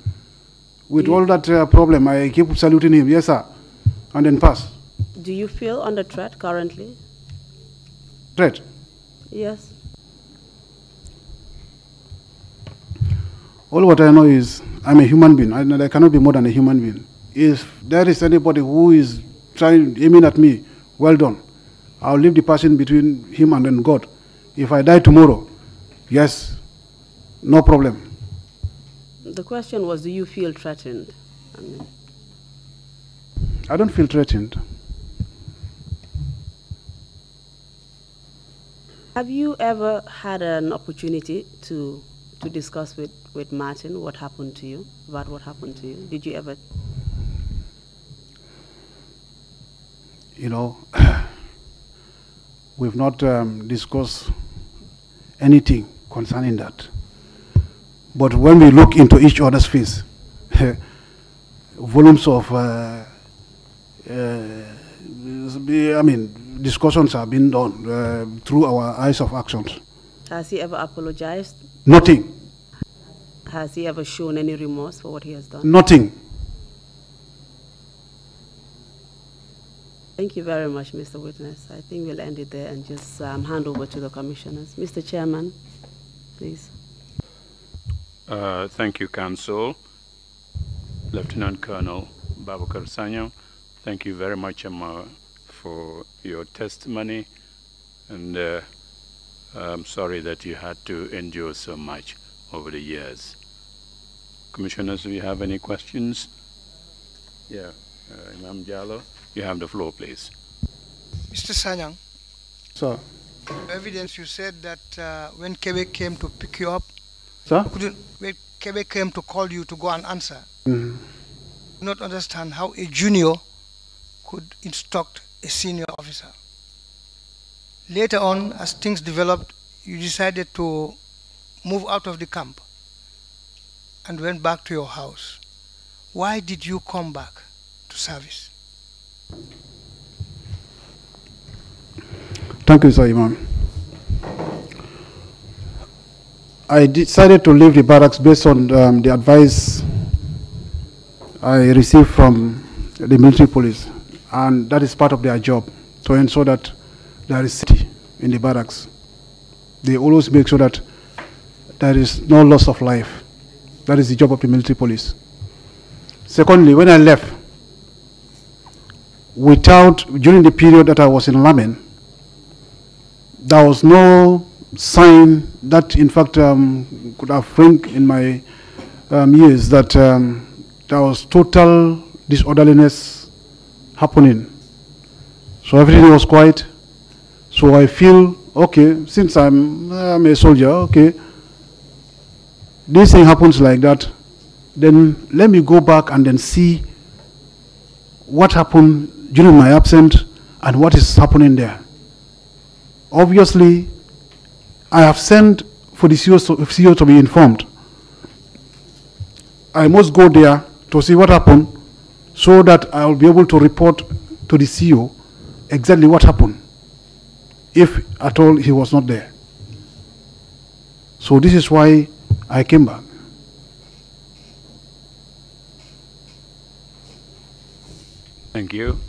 With all that uh, problem, I keep saluting him, yes, sir, and then pass. Do you feel under threat currently? Right? Yes. All what I know is I'm a human being. I, I cannot be more than a human being. If there is anybody who is trying aiming at me, well done. I'll leave the person between him and then God. If I die tomorrow, yes, no problem. The question was, do you feel threatened? I, mean. I don't feel threatened. Have you ever had an opportunity to to discuss with, with Martin what happened to you, about what happened to you? Did you ever? You know, we've not um, discussed anything concerning that. But when we look into each other's face, volumes of, uh, uh, I mean, discussions have been done uh, through our eyes of actions. Has he ever apologized? Nothing. Has he ever shown any remorse for what he has done? Nothing. Thank you very much, Mr. Witness. I think we'll end it there and just um, hand over to the commissioners. Mr. Chairman, please. Uh, thank you, Council. Lieutenant Colonel Babakar Sanyang, thank you very much, Emma for your testimony and uh, I'm sorry that you had to endure so much over the years. Commissioners, do you have any questions? Yeah, uh, Imam Diallo. you have the floor, please. Mr. Sanyang. Sir. Evidence, you said that uh, when Quebec came to pick you up, Sir? Couldn't, when Quebec came to call you to go and answer, mm -hmm. not understand how a junior could instruct a senior officer. Later on, as things developed, you decided to move out of the camp and went back to your house. Why did you come back to service? Thank you, Sir Imam. I decided to leave the barracks based on um, the advice I received from the military police and that is part of their job to ensure that there is safety in the barracks. They always make sure that there is no loss of life. That is the job of the military police. Secondly, when I left, without, during the period that I was in Lamin, there was no sign that, in fact, um, could have ring in my um, years that um, there was total disorderliness happening. So everything was quiet. So I feel, okay, since I'm, I'm a soldier, okay, this thing happens like that, then let me go back and then see what happened during my absence and what is happening there. Obviously, I have sent for the CEO to, CEO to be informed. I must go there to see what happened so that I will be able to report to the CEO exactly what happened, if at all he was not there. So this is why I came back. Thank you.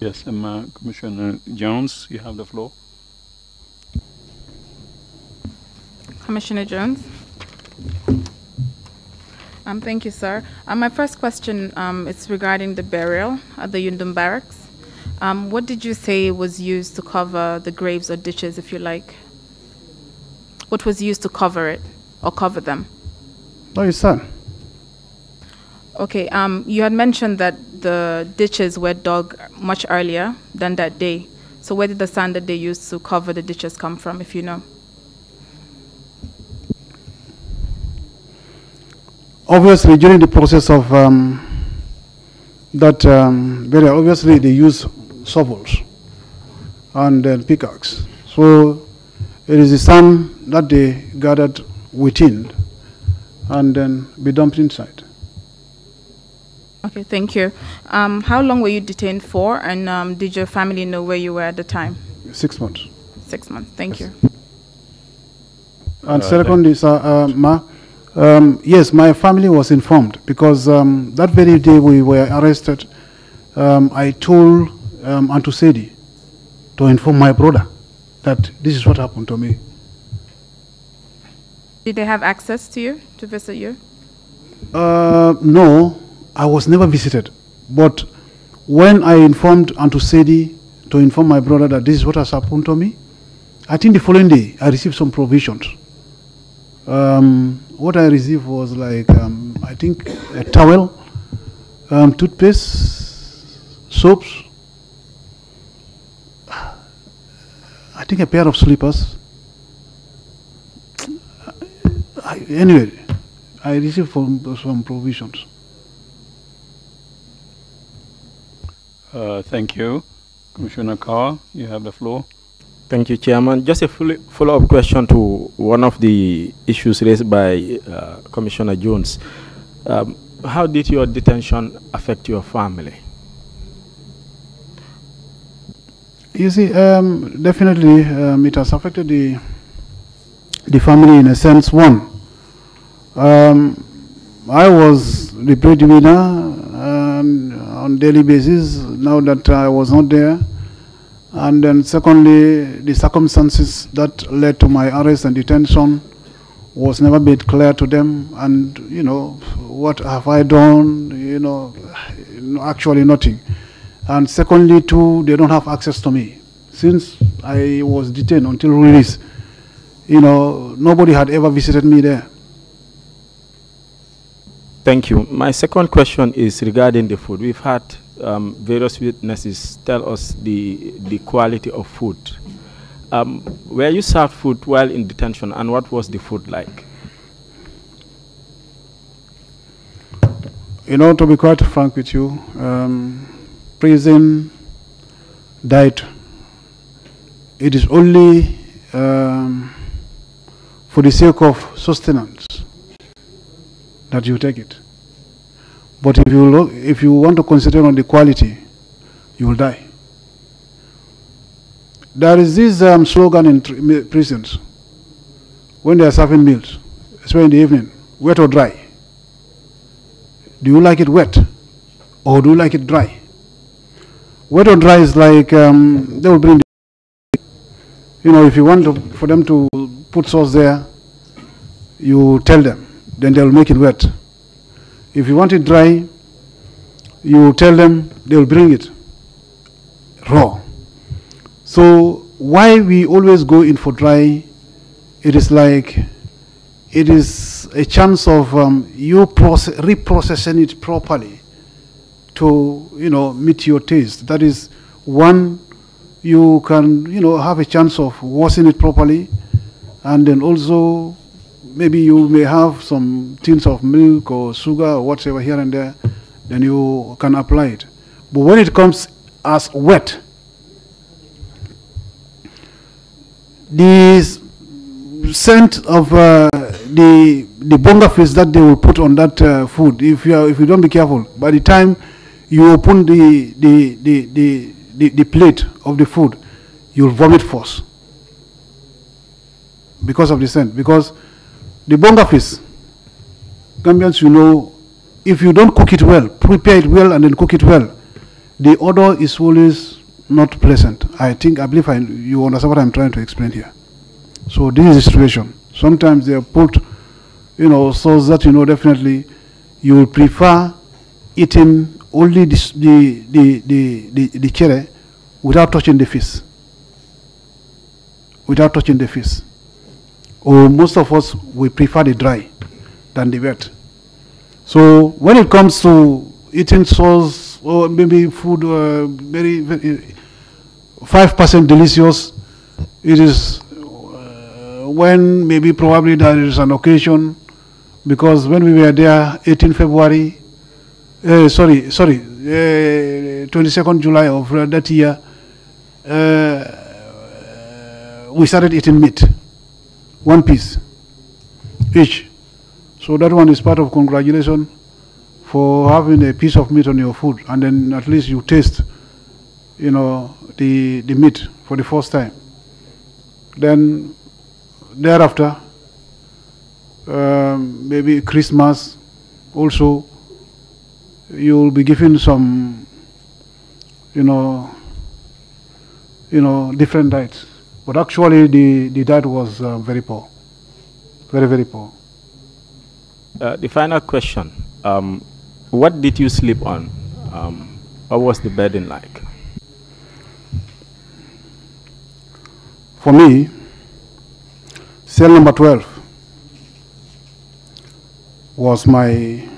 Yes, um, uh, Commissioner Jones, you have the floor. Commissioner Jones. Um, thank you, sir. Uh, my first question um, is regarding the burial at the Yundum Barracks. Um, what did you say was used to cover the graves or ditches, if you like? What was used to cover it or cover them? No, you said. Okay, um, you had mentioned that the ditches were dug much earlier than that day. So where did the sand that they used to cover the ditches come from, if you know? Obviously, during the process of um, that, um, very obviously they use shovels and uh, pickaxe. So it is the sand that they gathered within and then be dumped inside. Okay, thank you. Um, how long were you detained for, and um, did your family know where you were at the time? Six months. Six months, thank yes. you. And uh, second uh, Ma, um, yes, my family was informed because um, that very day we were arrested, um, I told um, Antusedi to inform my brother that this is what happened to me. Did they have access to you to visit you? Uh, no, I was never visited. But when I informed Antusedi to inform my brother that this is what has happened to me, I think the following day I received some provisions. Um, what I received was like, um, I think, a towel, um, toothpaste, soaps, I think a pair of slippers. I, anyway, I received from, some provisions. Uh, thank you. Commissioner Carr, you have the floor. Thank you, Chairman. Just a follow-up question to one of the issues raised by uh, Commissioner Jones. Um, how did your detention affect your family? You see, um, definitely um, it has affected the, the family in a sense. One, um, I was the breadwinner um, on daily basis. Now that I was not there, and then secondly, the circumstances that led to my arrest and detention was never made clear to them. And, you know, what have I done? You know, actually nothing. And secondly, too, they don't have access to me. Since I was detained until release, you know, nobody had ever visited me there. Thank you. My second question is regarding the food. We've had um, various witnesses tell us the, the quality of food. Um, were you served food while in detention and what was the food like? You know, to be quite frank with you, um, prison diet, it is only um, for the sake of sustenance that you take it. But if you, look, if you want to concentrate on the quality, you will die. There is this um, slogan in prisons when they are serving meals, especially in the evening wet or dry? Do you like it wet or do you like it dry? Wet or dry is like um, they will bring, the, you know, if you want to, for them to put sauce there, you tell them, then they'll make it wet. If you want it dry, you tell them, they will bring it raw. So why we always go in for dry, it is like it is a chance of um, you process, reprocessing it properly to you know meet your taste. That is one you can you know have a chance of washing it properly, and then also maybe you may have some tins of milk or sugar or whatever here and there, then you can apply it. But when it comes as wet, the scent of uh, the the bunga fish that they will put on that uh, food, if you are, if you don't be careful, by the time you open the the the the, the, the plate of the food, you'll vomit first because of the scent. Because the bonga fish, Gambians, you know, if you don't cook it well, prepare it well and then cook it well, the odor is always not pleasant. I think, I believe I, you understand what I'm trying to explain here. So this is the situation. Sometimes they are put, you know, so that you know definitely you will prefer eating only this, the, the, the, the, the, the without touching the fish. Without touching the fish or most of us, we prefer the dry than the wet. So when it comes to eating sauce or maybe food, uh, very, very 5% delicious, it is uh, when maybe probably there is an occasion because when we were there 18 February, uh, sorry, sorry, uh, 22nd July of that year, uh, we started eating meat one piece each. So that one is part of congratulation for having a piece of meat on your food, and then at least you taste, you know, the the meat for the first time. Then thereafter, um, maybe Christmas, also you will be given some, you know, you know, different diets. But actually, the, the diet was uh, very poor. Very, very poor. Uh, the final question um, What did you sleep on? Um, what was the bedding like? For me, cell number 12 was my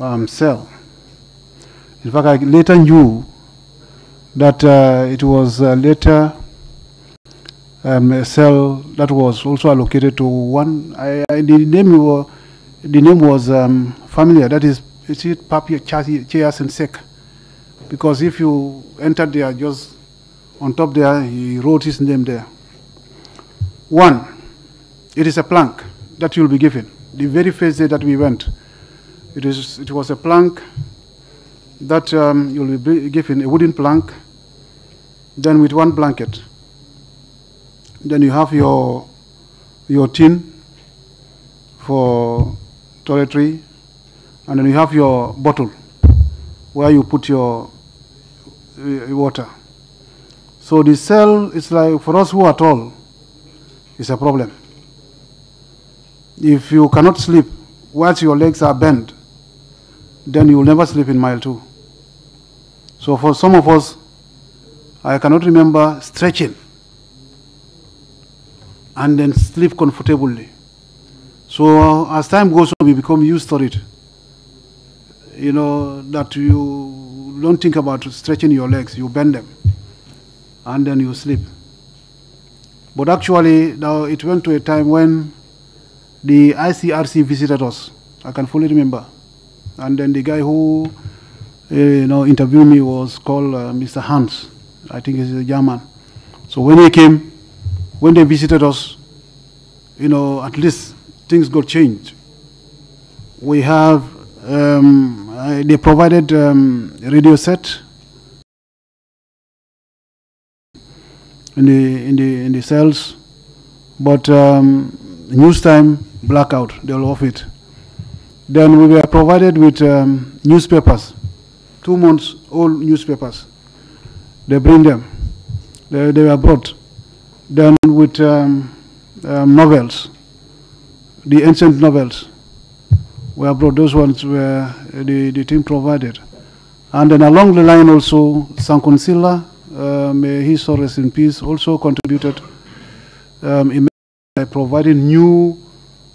um, cell. In fact, I later knew that uh, it was uh, later um, a cell that was also allocated to one. I, I, the name was, the name was um, familiar. That is, it's it papier Chias and sec. Because if you entered there, just on top there, he wrote his name there. One, it is a plank that you'll be given. The very first day that we went, it, is, it was a plank that um, you'll be given, a wooden plank, then with one blanket. Then you have your, your tin for toiletry, and then you have your bottle where you put your eh, water. So the cell is like, for us who are tall, is a problem. If you cannot sleep whilst your legs are bent, then you will never sleep in mile two. So for some of us, I cannot remember stretching and then sleep comfortably. So as time goes on, we become used to it. You know, that you don't think about stretching your legs, you bend them, and then you sleep. But actually, now it went to a time when the ICRC visited us. I can fully remember. And then the guy who uh, you know, interviewed me was called uh, Mr. Hans. I think he's a German. So when he came, when they visited us, you know, at least things got changed. We have, um, they provided um, a radio set in the, in the, in the cells, but um, news time, blackout, they'll off it. Then we were provided with um, newspapers, two months old newspapers. They bring them, they, they were brought than with um, um, novels, the ancient novels. We brought those ones where the, the team provided. And then along the line also, Sankunsila, uh, may he so rest in peace, also contributed um, by providing new,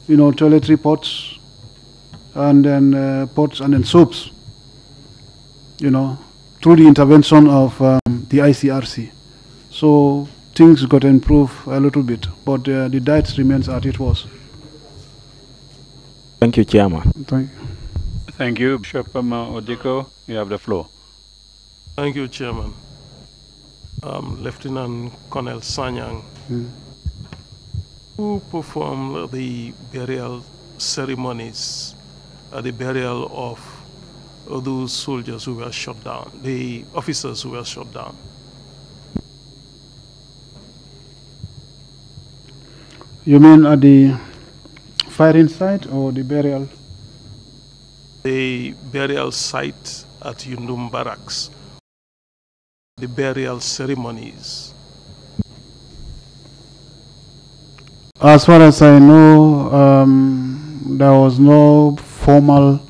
you know, toiletry pots and then uh, pots and then soaps, you know, through the intervention of um, the ICRC. So things got improved a little bit, but uh, the diet remains as it was. Thank you, Chairman. Thank you. Thank you, Bishop um, uh, Odiko. You have the floor. Thank you, Chairman. Um, Lieutenant Colonel Sanyang, mm. who performed the burial ceremonies at the burial of those soldiers who were shot down, the officers who were shot down. You mean at uh, the firing site or the burial? The burial site at Yundum Barracks. The burial ceremonies. As far as I know, um, there was no formal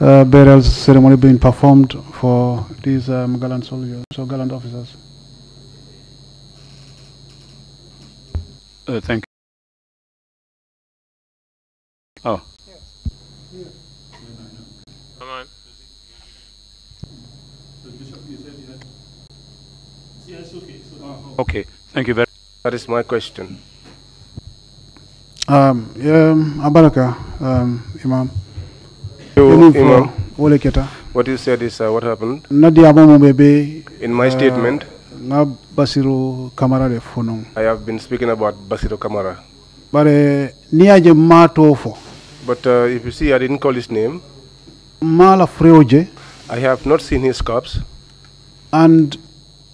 uh, burial ceremony being performed for these um, gallant soldiers, so gallant officers. Uh, thank you. Oh. Yes, okay. Thank you very That is my question. Um, um, Abaraka, um, Imam. You, Imam. Uh, what you said is uh, what happened? In my uh, statement, I have been speaking about Basiru Kamara. But, uh, but uh, if you see, I didn't call his name. Mala Freoje. I have not seen his corpse. And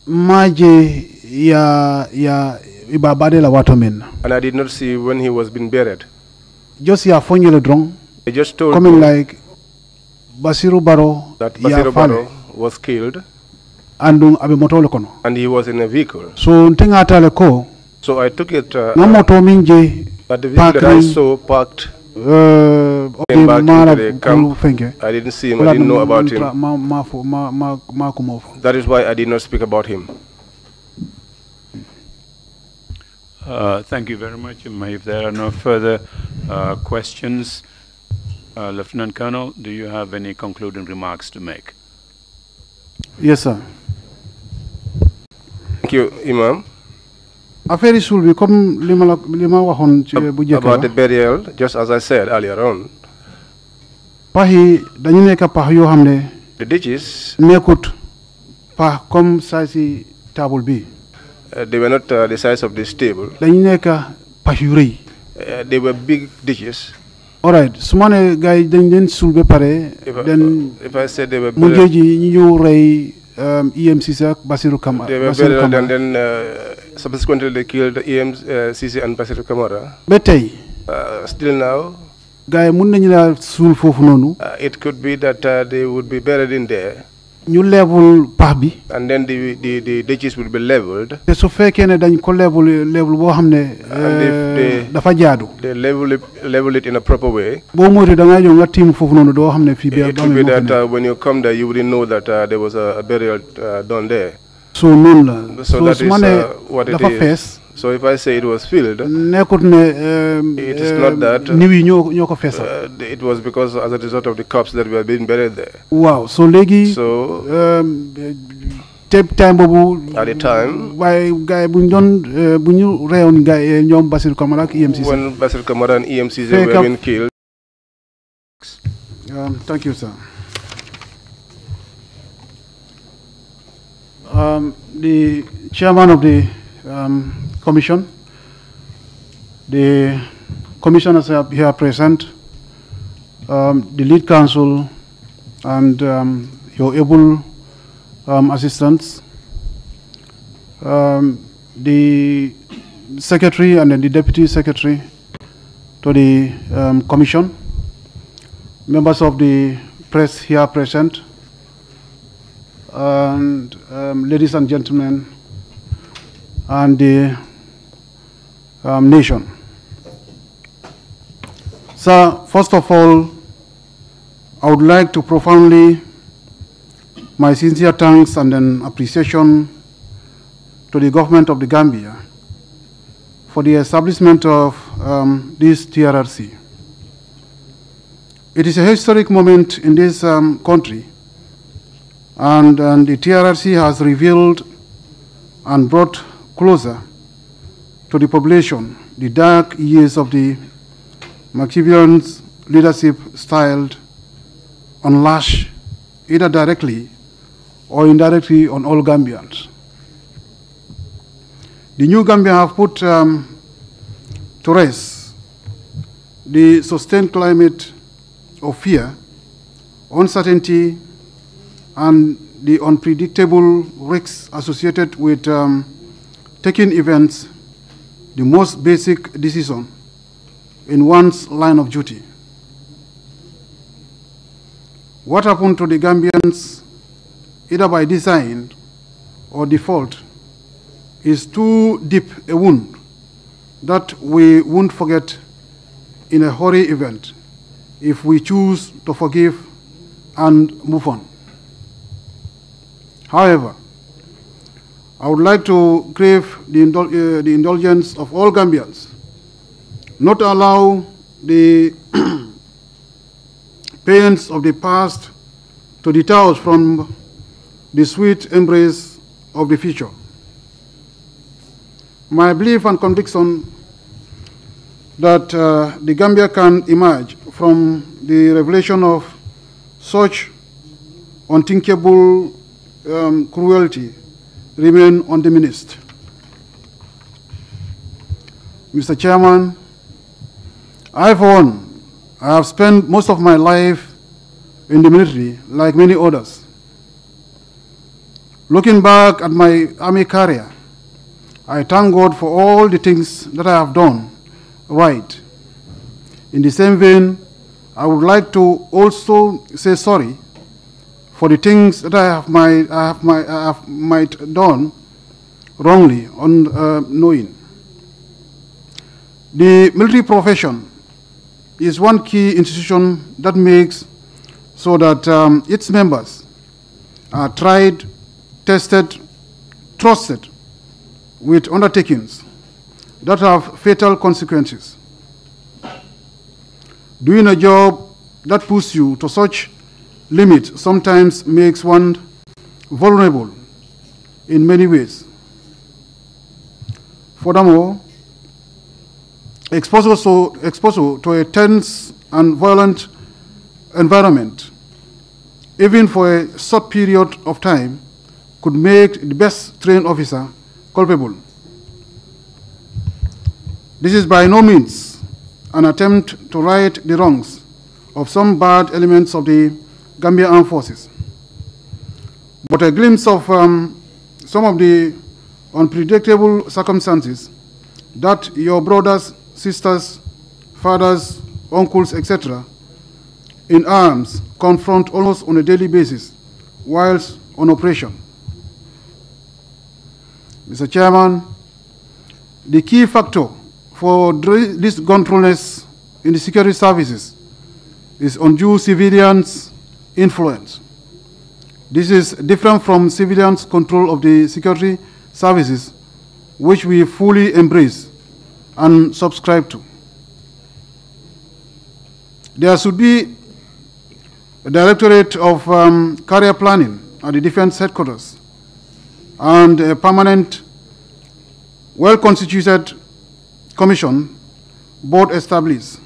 maji ya ya ibabadela watomen. And I did not see when he was being buried. Just ya fonyele drong. I just told coming like Basiru Baro that Basiru Baro was killed. Andung abimotole kono. And he was in a vehicle. So ntinga atale So I took it. Uh, na moto But the vehicle that I saw parked uh, came back into the camp. I didn't see him. I didn't know about him. That is why I did not speak about him. Uh, thank you very much. If there are no further uh, questions, uh, Lieutenant Colonel, do you have any concluding remarks to make? Yes, sir. Thank you, Imam affaire yi bi comme li la li ma ci bu njëkk about the burial just as I said earlier on. pax yi dañu nekk pax yoo xam the ditches. Nekut, pax comme saa si table bi. Uh, they were not uh, the size of this table. dañu nekk pax yu rëy. Uh, they were big ditches. all right su ma nee gars yi dañ leen suul ba pare. then if I said they were. mujj ji ñu rey. um, EMCC ak Basiru Kamara. Basiru Kamara then uh, subsequently they killed EMCC uh, and Basiru Kamara. ba tey. Uh, still now. gars yi mun nañu laa suul foofu noonu. Uh, it could be that they would be buried in there. ñu leebul pax bi. and then the the the ditches will be leveled. te su fekkee ne dañ ko leebul level boo xam ne. Eh, dafa jaadu. they level it level it in a proper way. boo moytu da ngaa ñëw nga tiim foofu noonu doo xam ne fii. it will be that uh, when you come there you wouldn't know that uh, there was a burial uh, done there. so noonu la. so that is what it is dafa fees. So if I say it was filled, it is not that. Uh, it was because as a result of the cops that we were being buried there. Wow. So legi. So. Um, at the time waaye gars yi bu ñu doon bu ñu Basir Camara ak EMCC. when Basir Kamara and EMCC were being killed. Um, thank you sir. Um, the chairman of the um, Commission. The commissioners are here present, um, the lead counsel, and um, your able um, assistants, um, the secretary and then the deputy secretary to the um, commission, members of the press here present, and um, ladies and gentlemen, and the um, nation. So, first of all, I would like to profoundly my sincere thanks and an appreciation to the government of the Gambia for the establishment of um, this TRRC. It is a historic moment in this um, country, and, and the TRRC has revealed and brought closer to the population the dark years of the Machiavellian's leadership styled on lash, either directly or indirectly on all Gambians. The new Gambia have put um, to rest the sustained climate of fear, uncertainty, and the unpredictable risks associated with um, taking events the most basic decision in one's line of duty. What happened to the Gambians, either by design or default, is too deep a wound that we won't forget in a hurry event if we choose to forgive and move on. However, I would like to crave the, indul uh, the indulgence of all Gambians not to allow the pains of the past to deter us from the sweet embrace of the future. My belief and conviction that uh, the Gambia can emerge from the revelation of such unthinkable um, cruelty remain undiminished. Mr. Chairman, I, for one, I have spent most of my life in the military, like many others. Looking back at my army career, I thank God for all the things that I have done right. In the same vein, I would like to also say sorry for the things that I have, my, I have, my, I have might done wrongly, unknowing. Uh, the military profession is one key institution that makes so that um, its members are tried, tested, trusted with undertakings that have fatal consequences. Doing a job that puts you to such limit sometimes makes one vulnerable in many ways. Furthermore, exposure, so, exposure to a tense and violent environment, even for a short period of time, could make the best trained officer culpable. This is by no means an attempt to right the wrongs of some bad elements of the Gambia Armed Forces. But a glimpse of um, some of the unpredictable circumstances that your brothers, sisters, fathers, uncles, etc., in arms confront almost on a daily basis whilst on operation. Mr. Chairman, the key factor for this gunfulness in the security services is undue civilians influence. This is different from civilians' control of the security services, which we fully embrace and subscribe to. There should be a directorate of um, career planning at the defense headquarters and a permanent, well-constituted commission board established.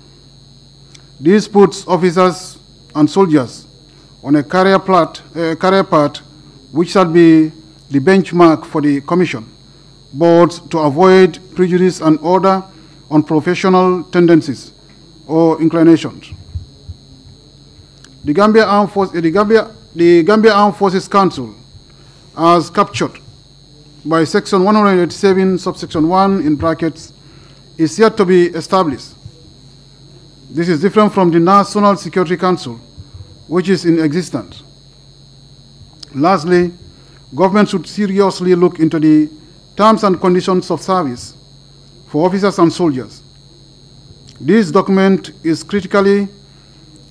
This puts officers and soldiers on a career, plat, uh, career path which shall be the benchmark for the Commission, boards to avoid prejudice and order on professional tendencies or inclinations. The Gambia Armed the Gambia, the Gambia Armed Forces Council, as captured by Section 187, subsection 1, in brackets, is yet to be established. This is different from the National Security Council, which is in existence. Lastly, government should seriously look into the terms and conditions of service for officers and soldiers. This document is critically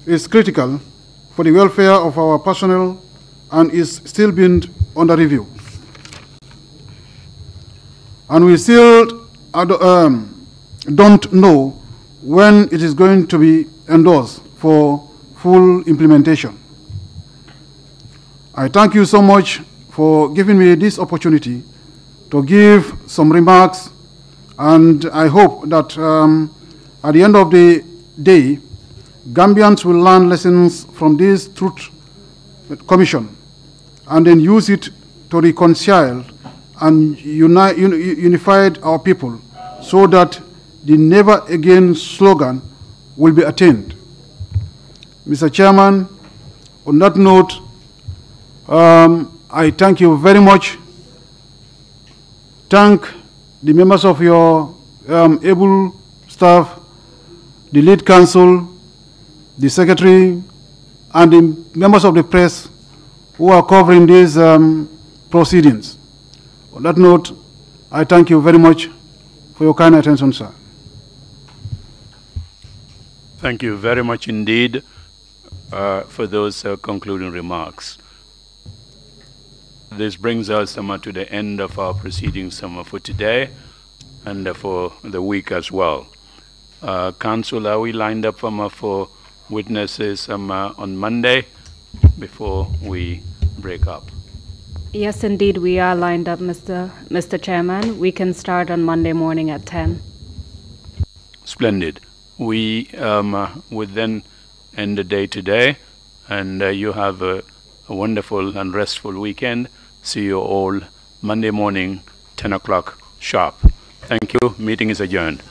is critical for the welfare of our personnel and is still being under review. And we still um, don't know when it is going to be endorsed for full implementation. I thank you so much for giving me this opportunity to give some remarks, and I hope that um, at the end of the day, Gambians will learn lessons from this Truth Commission and then use it to reconcile and uni unified our people so that the never again slogan will be attained. Mr. Chairman, on that note, um, I thank you very much. Thank the members of your um, able staff, the lead counsel, the secretary, and the members of the press who are covering these um, proceedings. On that note, I thank you very much for your kind attention, sir. Thank you very much indeed. Uh, for those uh, concluding remarks. This brings us um, to the end of our proceedings um, for today and for the week as well. Uh, Council, are we lined up um, for witnesses uh, on Monday before we break up? Yes, indeed, we are lined up, Mr. Mr. Chairman. We can start on Monday morning at 10. Splendid. We um, uh, would then end the day today, and uh, you have a, a wonderful and restful weekend. See you all Monday morning, 10 o'clock sharp. Thank you. Meeting is adjourned.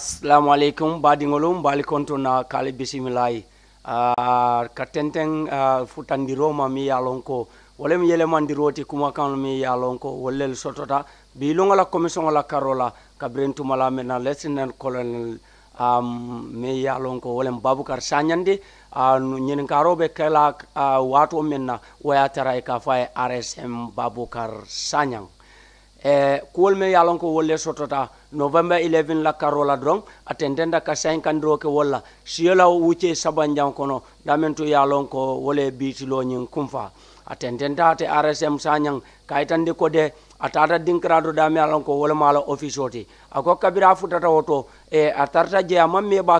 assalamu aleykum m mbaali kontona kaale bisimillayi uh, ah, ka tenteŋ uh, ah, ma mi yalon ko walla mi yelemandiroti kumakan mi yalon ko wallel sotota biilogola commission la karola kabrin tumala mena lesinen colonel um, mi yalon ko babukar babacar sagnandi uh, ah, ñinin karoɓe kala uh, wo men a tara e ka ye rsm babukar sagnan e eh, kuwol mi yalon ko sotota november 11 la la dron atendenda ka 50 ke walla siyola wuce sabanjan kono damentu ya lon ko wole biitilo ñin kumfa atendenta ate rsm sañan kayitandi ko de atata dinkirado dami yalon ko wole mala office oti ako kabira futata woto e atarta je amam me